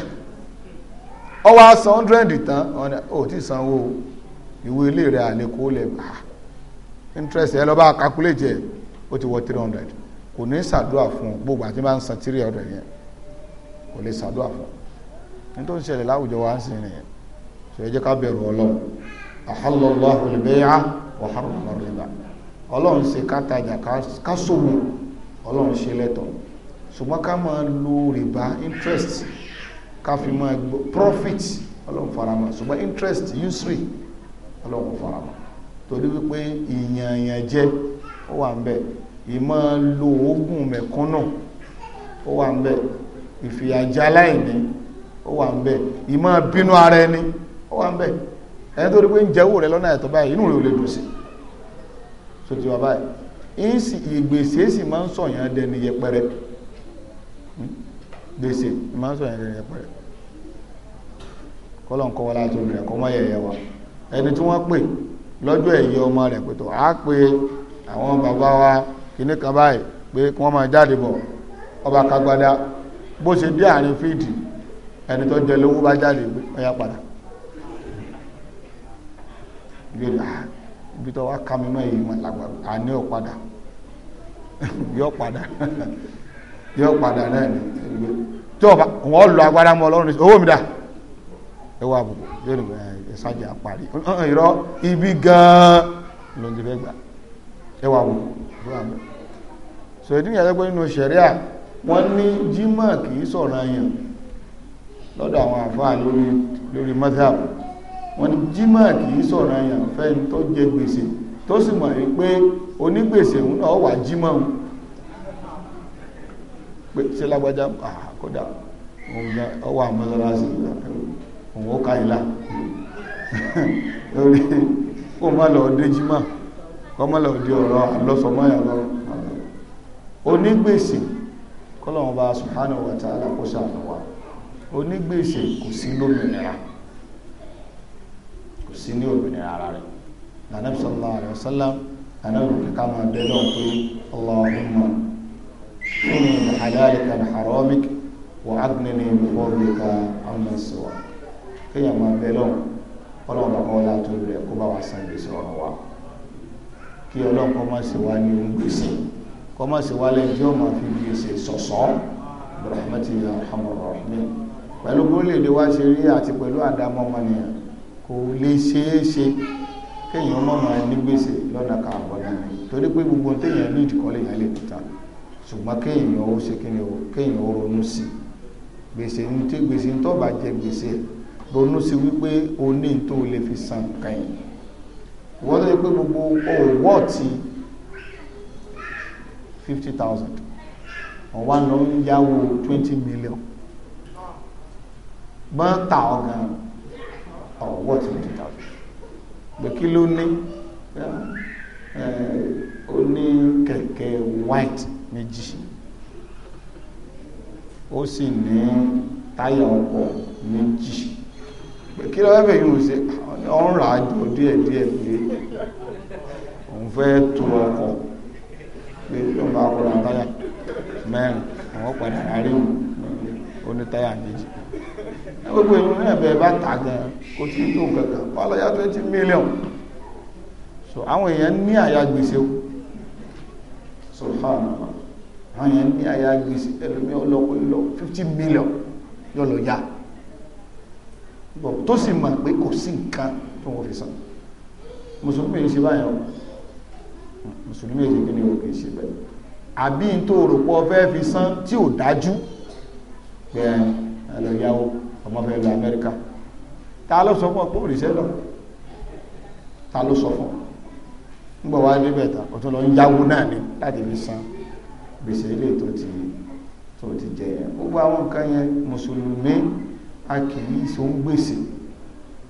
ọ wá san hundred tán ò tí sanwó ìwé ilé rẹ̀ àlékún lẹ̀ bá ah, interest ẹ lọ bá calculate ẹ ó ti wọ three hundred kò ní ṣàdúrà fún gbogbo àti máa ń san three hundred yẹn kò lè ṣàdúrà fún ní tó ń ṣẹlẹ̀ láwùjọ wa ń sìn nìyẹn ṣe jẹ́ ká bẹ̀rù ọlọ́run ahallallahu al-bay'a wa harrama ṣe ká ká ṣòwò ọlọ́run ṣe lẹ́tọ̀ ṣùgbọ́n ká máa lo rìbá interest ká fi máa gbọ́ profit ọlọ́run farama ṣùgbọ́n interest usury ọlọ́run farama torí wípé ìyànyàn jẹ ó wà ń bẹ ìmọ̀ lo oògùn mẹ̀kúnnù ó wà ń bẹ ìfìyàjẹ aláìní ó wà ń bẹ ìmọ̀ bínú ara ẹni ó wà ń bẹ̀ ẹni tó rí pé ń jẹ́wò rẹ lọ́nà ẹ̀tọ́ báyìí inú rẹ ò lè dùn sí so ti wà báyìí ń sì ìgbèsè sì máa ń sọ̀yàn dẹni yẹpẹrẹ hmm? gbèsè máa ń sọ̀yàn dẹni yẹpẹrẹ kọ́lọ̀ ń kọ́ wa láti orí rẹ̀ kọ́ mọ́ yẹ̀yẹ́ wa ẹni tí wọ́n pè lọ́jọ́ ẹ̀yẹ ọmọ rẹ̀ pé tó á pé àwọn bàbá wa kìíní kan báyìí pé kí wọ́n máa jáde bọ̀ ọba kagbada bó ṣe dé àárín fíìdì ẹni tó jẹ lówó bá jáde ọya padà yóò ní ah, ibi tó wá ká mi mọ́ èyí wọn lágbàdo àní ò padà yóò padà yóò padà náà ni tó wọn lọ agbára mọ ọlọ́run ní owó mi dà ẹ wá àbùkù yóò ní ìsájà parí ìrọ ibi gan-an ló ń ti fẹ́ gbà ẹ wá àbùkù ló wà mọ́ sọ ìdí nìyẹn pé nínú sẹ̀ríà wọ́n ní jímọ̀ kì í sọ̀rọ̀ yẹn lọ́dọ̀ àwọn àfáà lórí lórí mọ́tàbù wọ́n ní jímọ̀ kì í sọ̀rọ̀ àyàn fẹ́ tó jẹ gbèsè tó sì mọ̀ pé onígbèsè òun náà wà jímọ̀ òun pé ṣe lágbájá àkọ́dá ọwọ́ òun ó lórí kó má lọ lọ ọ̀rọ̀ àlọ́sọmọ́yà sí ní òmìnira ara rẹ̀ nànàbí sallallahu alayhi wa sallam nànàbí kíkà máa bẹ náà pé allahumma inni bi halalika bi haramik wa agnini bi fadlika amma siwa kéèyàn máa bẹ náà ọlọ́run bàbá wọn láti orí rẹ̀ kó bá wa san gbèsè ọ̀rọ̀ wa kí ọlọ́run kọ́ máa ṣe wá ní ohun gbèsè kọ́ máa ṣe wá lẹ́yìn tí ó máa fi gbèsè sọ̀sọ́ rahmatulahi alhamdulilayi pẹ̀lú bó wá ṣe rí àti pẹ̀lú àdámọ́ mọ́nìyàn kò lè ṣeé kéèyàn mọ̀ máa gbèsè lọ́nà kààbọ̀ nínú torí pé gbogbo téèyàn ní ìdíkọ́lé yẹn lè tà ṣùgbọ́n kéèyàn ó ṣe kí ni o kéèyàn ó ronú sí gbèsè ní tí gbèsè ní tó jẹ gbèsè ronú sí wípé o ní tó lè fi san kẹyìn wọ́n tó yẹ pé gbogbo owó thousand ọ̀wá ń yáwó twenty million ta or oh, what would it have been? kí ló ní eh, ó ní kẹ̀kẹ́ white méjì ó sì ní táyà ọkọ̀ méjì kí ló wẹ́bẹ̀ yóò ṣe ọ̀n rà jọ díẹ̀díẹ̀ pé òun fẹ́ tó ọkọ̀ pé òun bá kọ́ra táyà mẹ́rin àwọn padà rárí òun ó ní táyà méjì gbogbo ìlú náà bẹ̀rẹ̀ bá tà gan kò tí ń tó kankan wọ́n lọ yá twenty million so àwọn èèyàn ní àyà gbèsè o subhanallah àwọn èèyàn ní àyà gbèsè ẹlòmí ọlọ́pọ̀lọ́ fifty million yóò lọ yá tó sì mọ̀ pé kò sí nǹkan tó wọ́n fi san mùsùlùmí yìí ṣe báyọ̀ mùsùlùmí yìí kí ni o kì í ṣe bẹ́ẹ̀ àbí n tó rò pọ̀ fẹ́ fi san tí ò dájú pé ẹni ẹ lọ yáwó ọmọ fẹ́ lọ amẹ́ríkà ta ló sọ fún ọ pé òrìṣẹ́ lọ ta ló sọ fún nígbà wá débẹ̀ ta ó tún lọ ń yáwó náà ni láti fi san gbèsè ilé tó ti tó ti jẹ yẹn gbogbo àwọn nǹkan yẹn mùsùlùmí a kì í so ń gbèsè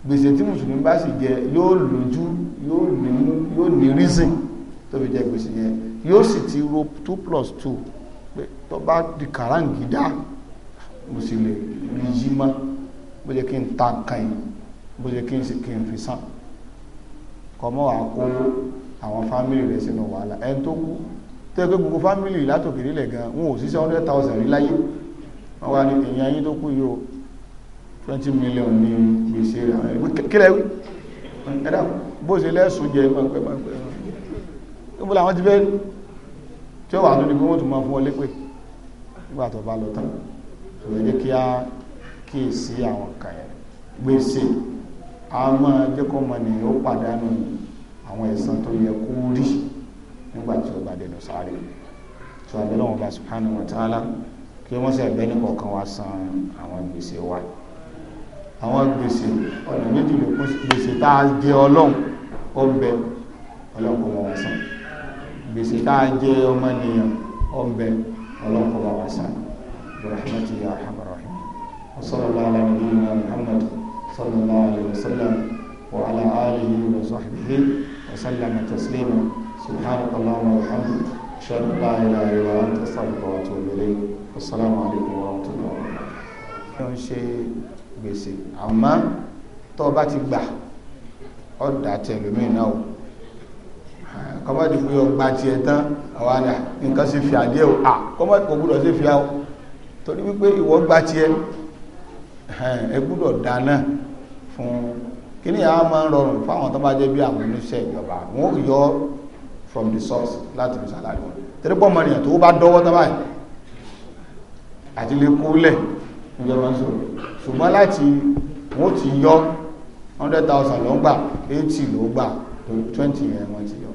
gbèsè tí mùsùlùmí bá sì jẹ yóò lójú yóò ní reason tó fi jẹ gbèsè yẹn yóò sì ti ro two plus two pé tó bá di kàráǹgídá bó ṣe lè rí yí mọ́ bó jẹ́ kí n ta nǹkan yìí bó jẹ́ kí n sì kí n fi san kọ́ mọ́ wàá kó àwọn fámìlì rẹ̀ sínú wàhálà ẹni tó kú tẹ́gbẹ́ gbogbo fámìlì látòkè nílẹ̀ gan wọn ò sí seven hundred thousand rí láyé wọ́n wá ní èèyàn yín tó kú yìí o twenty million ní gbèsè àwọn ẹgbẹ́ kílẹ̀ wí ẹ̀dá bó ṣe lẹ́sùn jẹ pẹ́pẹ́ pẹ́pẹ́ níbo làwọn ti bẹ́ẹ̀ tí ó wà tó gbogbo tó máa fún ọ lépè nígbà tó bá lọ tán ìwéde kí á kíyèsí àwọn kan yẹn gbèsè a máa jẹ́ kó mọ nìyẹn ó pàdánù àwọn ẹ̀san tó yẹ kó rí nígbà tí ó bá dẹnu sáré tó abẹ́lẹ́ wọn bá subhanahu wa ta'ala kí wọ́n sì ẹ̀bẹ́ ní kọ̀ọ̀kan wá san àwọn gbèsè wa àwọn gbèsè ọ̀nà méjì ló kún gbèsè tá a jẹ ọlọ́run ó ń bẹ ọlọ́run kò mọ̀ wá san gbèsè tá a jẹ ọmọ nìyẹn ó ń bẹ ọlọ́run kò mọ̀ wá san. برحمته يا ارحم الراحمين وصلى الله على نبينا محمد صلى الله عليه وسلم وعلى اله وصحبه وسلم تسليما سبحانك اللهم وبحمدك اشهد ان لا اله الا انت استغفرك واتوب اليك والسلام عليكم ورحمه الله وبركاته gbèsè àmọ́ tó o bá ti gbà ọ́ dà tí ẹlòmíì náà o kọ́mọ́ ti pé ọgbà tiẹ̀ tán àwọn àdá nǹkan sì fi àdé à kọ́mọ́ kò gbúdọ̀ sí fi á torí wípé ìwọ gba tiẹ̀ ẹ gbúdọ̀ dáná fún kíní àwọn máa ń rọrùn fáwọn tó bá jẹ́ bí àwọn oníṣẹ́ ìjọba wọn ò yọ from the source láti fi sàlárì wọn torí pọ́ mọ̀nìyàn tó bá dọ́wọ́ tó báyìí àti lè kúlẹ̀ ìjọba sọ̀rọ̀ ṣùgbọ́n láti wọn ti yọ 100,000 ló ń gbà 80 ló gbà 20 yẹn wọ́n ti yọ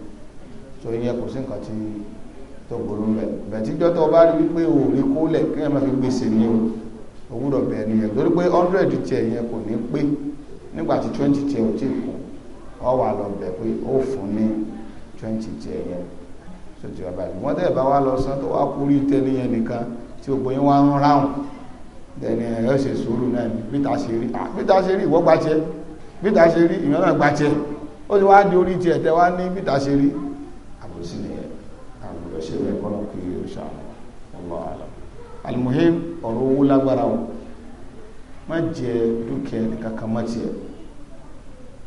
so ìyẹn kò sí nǹkan tí tó burú mẹ́ bẹ̀tíjọ́ tó bá rí wípé o rí kólẹ̀ kí ẹ má fi gbèsè ní o òwúrọ̀ bẹ̀ẹ̀ nìyẹn torí pé hundred tiẹ̀ yẹn kò ní pé nígbàtí twenty tiẹ̀ ò tí ì kù ọ wà lọ bẹ̀ pé ó fún ní twenty tiẹ̀ yẹn tó ti wà báyìí wọ́n tẹ̀ bá wà lọ sán tó wà kú rí tẹ́lẹ̀ yẹn nìkan tí gbogbo yín wá ń ráhùn ẹni ẹ̀rọ ṣe sùúrù náà ni bíta ṣe rí bíta ṣe rí ìwọ gba tiẹ̀ bíta ṣe rí ìyọ́n náà gba tiẹ̀ ó ti wá di orí tiẹ̀ tẹ́ wá ní bíta ṣe rí àbòsí nìyẹn ṣe rẹ̀ kọ́nà kí o ṣàmù Allahu a'lam alimuhim ọ̀rọ̀ owó lágbára o má jẹ dúkìá nìkan kan má tiẹ̀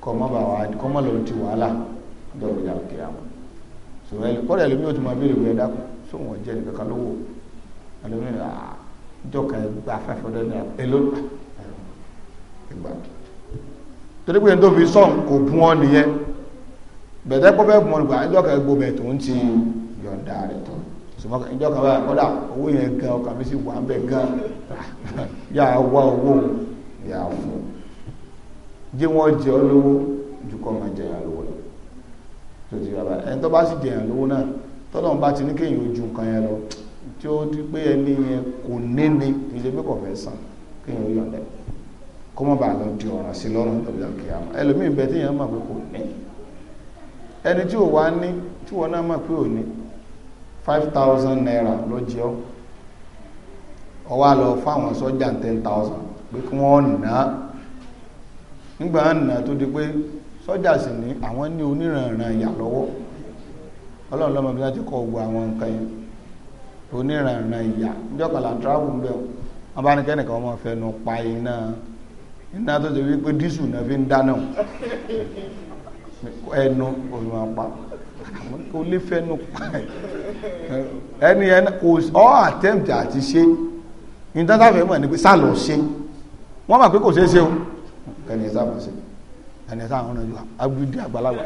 kọ́ má bà wá kọ́ má lọ di wàhálà dọ̀rọ̀ ìyá òkè àmọ́ sọ̀rọ̀ ẹ̀lú kọ́dà ẹ̀lú mi ò tún máa béèrè bóyá dákun sóhun ọ̀jẹ́ nìkan kan lówó ẹ̀lú mi àá ẹgbà fẹ́fẹ́ dọ́dọ̀ ẹ̀lú ẹgbà torí pé tó fi sọ̀n kò bùn ọ́ nìyẹn bẹ̀tẹ́ pọ́fẹ́ bùn ọ́ nígbà jọ̀ka ẹgbò bẹ̀ tó ń ti yọ̀ǹda rẹ̀ tán ṣùgbọ́n ìjọ kan báyìí kọ́dà owó yẹn gan ọkàn mi sì wà ń bẹ̀ gan yà á wá owó yà á fún un jẹ́ wọ́n jẹ ọ́ lówó ju kọ́ máa jẹyàn lówó lọ tó ti bàbá ẹni tó bá sì jẹyàn lówó náà tọ́lọ́run bá ti ní kéèyàn ojú nǹkan yẹn lọ tí ó ti pé ẹni yẹn kò níní ìṣe pé kò fẹ́ san kéèyàn ó yọ̀ǹda kó má bàa lọ di ọ̀ràn sí lọ́rùn lọ́bìlà kìyàmù ẹlòmíì bẹ téèyàn mọ̀ pé kò ní ẹni tí ò wá ní tí wọn náà mọ̀ pé ò ní five thousand naira ló jẹ ọ́ ọ wá lọ fáwọn sọ́jà ten thousand pé kí wọ́n nà á nígbà nà tó di pé sọ́jà sì ní àwọn ní oníranran ìyà lọ́wọ́ ọlọ́run lọ́mọ bí láti kọ́ gbogbo àwọn nǹkan yẹn oníranran ìyà níjọ́kan travel ń bẹ̀ wọ́n bá ní kẹ́nìkan ọmọ fẹnu pa iná iná tó ti wí pé dísù náà fi ń dáná ẹnu òun kò lè fẹnu ẹni ẹni kò ọ attempt àti ṣe nǹkan a fẹ́ mọ̀ ni pé sá lọ ṣe wọ́n mọ̀ pé kò ṣeé ṣe o ẹni ẹ̀sà mọ̀ ṣe ẹni ẹ̀sà àwọn ọ̀nà abúlé àgbàlagbà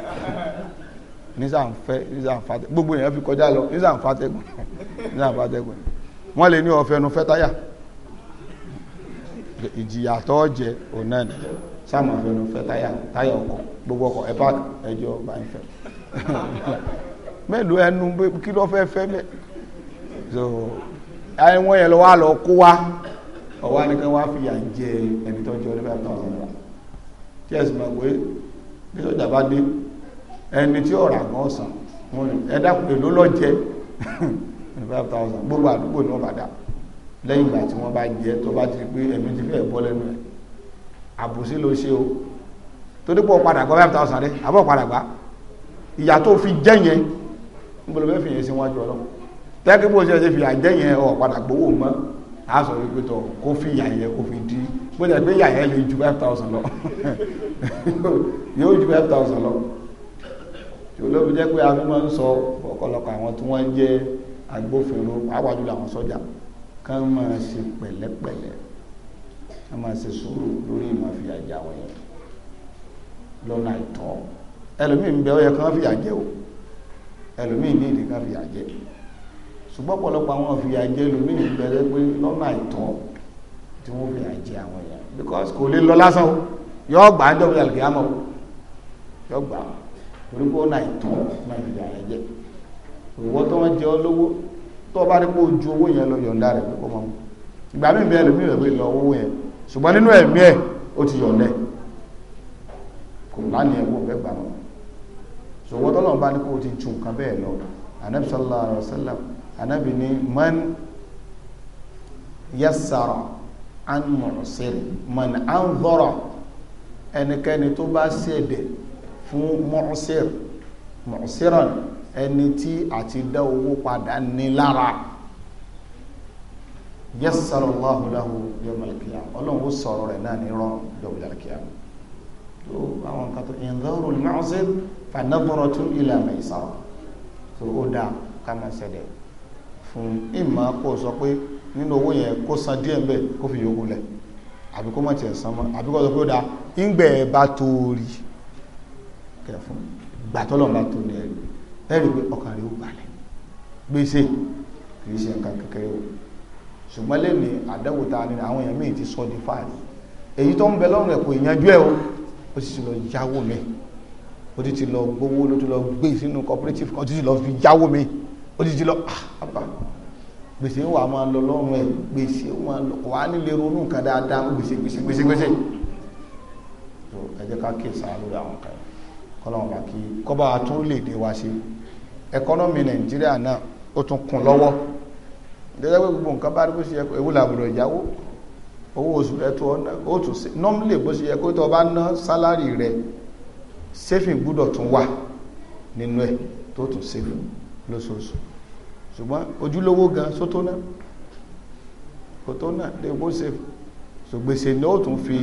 nísà ń fẹ́ nísà ń fatẹ́ gbogbo èèyàn fi kọjá lọ nísà ń fatẹ́gùn nísà ń fatẹ́gùn wọ́n lè ní ọ̀fẹ́ nu fẹ́ ìjìyà tó jẹ òun ni sáà mọ̀ ọ̀fẹ́ nu fẹ́ táyà ọkọ̀ gbogbo ọkọ̀ ẹ̀ bá ẹjọ́ bá ń fẹ́ mélòó ẹnu kí ló fẹ́ fẹ́ mẹ́ so àwọn yẹn lọ wá lọ kó wá ọwọ́ nìkan wá fìyà jẹ ẹni tó jọ ní five thousand naira tí ẹ̀sìn máa pé bí sọ́jà bá dé ẹni tí ọ̀rà gan sàn ẹ̀dá èlò lọ jẹ five thousand gbogbo àdúgbò ni wọ́n bá dà lẹ́yìn ìgbà tí wọ́n bá jẹ tó bá ti pé ẹ̀mí ti fẹ́ bọ́ lẹ́nu ẹ̀ àbòsí ló ṣe o torí pé ó padà gbọ́ five thousand rẹ̀ àbọ̀ padà gbá ìyà tó fi jẹ́ yẹn ń bolo bẹ́ẹ̀ fi yẹn síwájú ọlọ́run tẹ́kí bó ṣe ṣe fìyà jẹ́ yẹn ọ̀ padà gbowó mọ́ a sọ wípé tọ kó fi ìyà yẹn kó fi dí bó ṣe pé ìyà yẹn lè ju five lọ yóò ju five thousand lọ olóbi jẹ́ pé afi máa ń sọ ọ̀pọ̀lọpọ̀ àwọn tí wọ́n jẹ́ agbófinró àwájú làwọn sọ́jà kán máa ṣe pẹ̀lẹ́pẹ̀lẹ́ kán máa ṣe sùúrù lórí ìmọ̀ fìyà jẹ àwọn lọ́nà àìtọ́ ẹlòmíì ń bẹ ó yẹ kán fìyà jẹ o ẹlòmíì ní ìdí kan fìyà jẹ ṣùgbọ́n pọ̀lọpọ̀ àwọn fìyà jẹ ẹlòmíì ń bẹ pé lọ́nà àìtọ́ tí wọ́n fìyà jẹ àwọn èèyàn because kò lè lọ lásán o yọ gbà á dọ̀bí àlùkìyàmọ̀ o yọ gbà á torí pé ọ̀nà àìtọ́ náà fìyà rẹ jẹ òwò tó wọn jẹ ọ lówó tó bá rí pé ojú owó yẹn lọ yọ̀ǹda rẹ̀ kó mọ̀ ìgbà míì bẹ́ẹ̀ ẹlòmíì rẹ̀ pé ṣùgbọ́n tọ́lọ̀ bá ní kó ti ju nǹkan bẹ́ẹ̀ lọ anabi sallallahu alayhi wa sallam anabi ni man yasara an mu'siri man an zọrọ ẹnikẹ́ni tó bá ṣèdè fún mu'sir mu'siran ẹni tí àti dá owó padà ní lára yasara allahu lahu ọlọ́run ó sọ̀rọ̀ rẹ̀ náà ní rọrùn yawmal tó àwọn nǹkan tó ìǹdọ́rùn mu'sir fanadọ́rọ̀tún ila maisara tó ó dá ká fún ìmọ̀ kó sọ pé nínú owó yẹn kó san díẹ̀ ń bẹ̀ kó fi yòókù lẹ̀ àbí kó má tiẹ̀ san mọ́ àbí kó sọ pé ó dá ńgbẹ̀ bá tó rí kẹ̀ bá o ṣùgbọ́n lẹ́ni àdẹ́wò ta ni àwọn èèyàn míì ti sọ di fáàrí èyí tó ń bẹ kò ìyanjú o ó o ti ti lọ gbowó ló ti lọ gbé sínú cooperative kan o ti ti lọ fi yáwó mi ó ti ti lọ ah, àbá gbèsè wà máa lọ lọ́rùn ẹ̀ gbèsè wà lọ wà nílé ronú nǹkan dáadáa gbèsè gbèsè gbèsè gbèsè tó ẹ jẹ́ ká kíyèsí lórí àwọn kan kọ́lọ́wọ́n bá kí kọ́ba tún lè dé wa ṣe ẹkọ́nọ́mì nàìjíríà náà ó tún kún lọ́wọ́ jẹ́jẹ́ pé gbogbo nǹkan bá rí bó ṣe yẹ kó ewu làbùrọ̀ ìyáwó owó oṣù rẹ tó ó tún sí nọ́mìlì bó ṣe yẹ kó tó o bá ná sálárì rẹ sẹ́fì gbúdọ̀ tún wà nínú ẹ̀ tó tún sẹ́fì lóṣooṣù ṣùgbọ́n ojúlówó gan sótó náà kò tó náà lè bó sẹ́fì ṣùgbèsè ni ó tún fi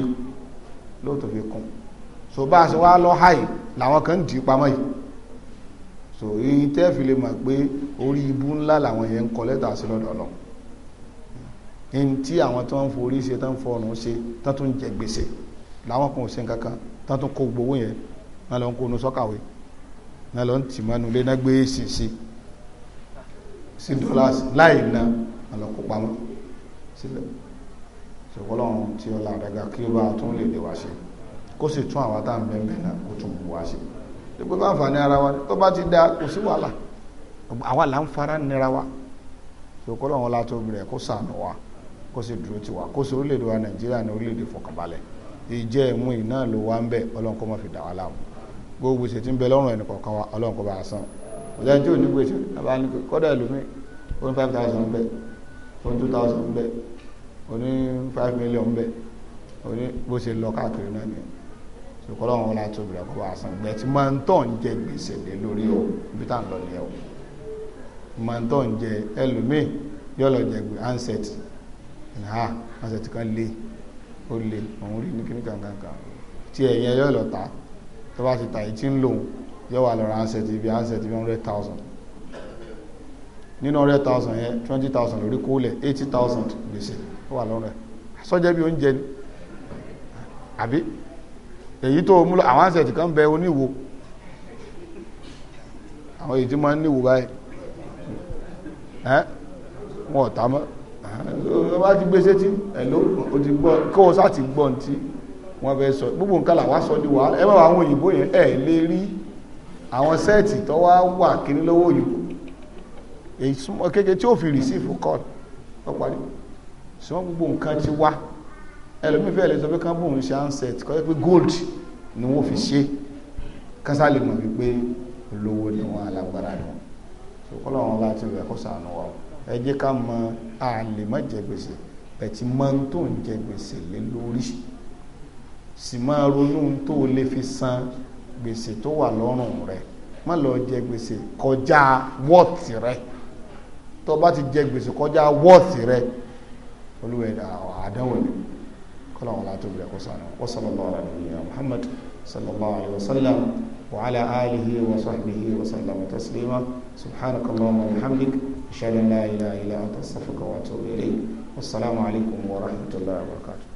ló tún fi kún so bá a ṣe wá lọ háì làwọn kan ń dì í pamọ́ yìí so èyí tẹ́ fi lè mọ̀ pé orí ibú ńlá làwọn yẹn ń kọ lẹ́tà sí lọ́dọ̀ lọ ní tí àwọn tó ń forí ṣe tó ń fọrùn ṣe tó tún jẹ gbèsè làwọn kan ò ṣe nǹkan tó tún kó gbowó yẹn náà lọ ń kónú sọ́kàwé manu lọ ń sisi, mọ́nu lé náà na ọ̀nà kó pamọ́ sílẹ̀ ṣùgbọ́n tí ọlá àdàgà kí ó bá tún lè lè wá ṣe kó sì tún àwọn táà ń bẹ́ẹ̀ bẹ́ẹ̀ náà kó tún mú wá ṣe ara wa tó bá ti da kò sí wàhálà àwa là ń fara nira wa ṣùgbọ́n ọlọ́run ọlá tó bẹ̀rẹ̀ kó sànù wa kó sì dúró tiwa kó sì orílẹ̀-èdè wa nàìjíríà ní orílẹ̀-èdè fọkànbalẹ̀ ìjẹ́ ìmú ìná ló wá ń bẹ̀ ọlọ́run kó fi dà wá láàmú gbogbo gbèsè tí ń bẹ lọ́rùn ẹnì kọ̀ọ̀kan wa ọlọ́run kò bá san ọjà tí ò ní gbèsè àbá ní kọ́dà ẹlòmíì ó ní five thousand bẹ́ẹ̀ ó two thousand bẹ́ẹ̀ ó five million bẹ́ẹ̀ ó ní bó ṣe lọ káàkiri náà nìyẹn ṣùkọ́ lọ́run wọn láti obìnrin kò bá san gbẹ tí máa ń tọ̀ ń jẹ gbèsè lé lórí o ibi tá à ń lọ nìyẹn máa ń tọ̀ ń jẹ ẹlòmíì yóò lọ jẹ gbé handset ha handset kan lé ó lé òun rí ní kíní kankan kan tí ẹ̀yìn ẹ yóò tó bá ti tà yìí tí ń lò yóò wà lọ́ra asset ibi asset ibi hundred thousand nínú hundred thousand yẹn twenty thousand lórí kólẹ̀ eighty thousand gbèsè ó wà lọ́rẹ̀ sọ́jẹ́ bí oúnjẹ ni àbí èyí tó mú lọ àwọn asset kan bẹ oníwo àwọn èyí tí máa ń níwo báyìí ẹ wọn ò ta mọ́ ọ bá ti gbèsè tí ẹ̀ ló o ti gbọ́ kó o sá ti gbọ́ ní wọ́n fẹ́ sọ gbogbo nǹkan làwọn sọ ní wàhálà ẹ bá àwọn òyìnbó yẹn ẹ lè rí àwọn sẹ́ẹ̀tì tó wá wà kíní lọ́wọ́ òyìnbó èyí súnmọ́ kékeré tí ó fi rìsífù kọ́ọ̀l ó parí ṣùgbọ́n gbogbo nǹkan ti wá ẹlòmíì fẹ́ lè sọ pé kán bóun ṣe ansẹ̀tì kọ́ pé gold ni wọ́n fi ṣe kásá lè mọ̀ wípé olówó ni wọ́n alágbára ni wọ́n ṣòkòlò àwọn láti rẹ̀ kó sànù wa ẹ jẹ́ ká mọ àlè má jẹ gbèsè bẹ̀ ti tó ń jẹ gbèsè lé lórí sì máa ronú tó o lè fi san gbèsè tó wà lọ́rùn rẹ má lọ jẹ gbèsè kọjá wọ́ọ̀tì rẹ tó o bá ti jẹ gbèsè kọjá wọ́ọ̀tì rẹ olùwẹ̀ àdánwò ni kọ́lá wọn láti obìnrin kó sànù wa sallallahu alaihi wa muhammad sallallahu alaihi wa sallam wa ala alihi wa sahbihi wa sallam taslima subhanakallahumma wa bihamdik ashhadu an la ilaha illa anta astaghfiruka wa atubu ilayk wassalamu alaikum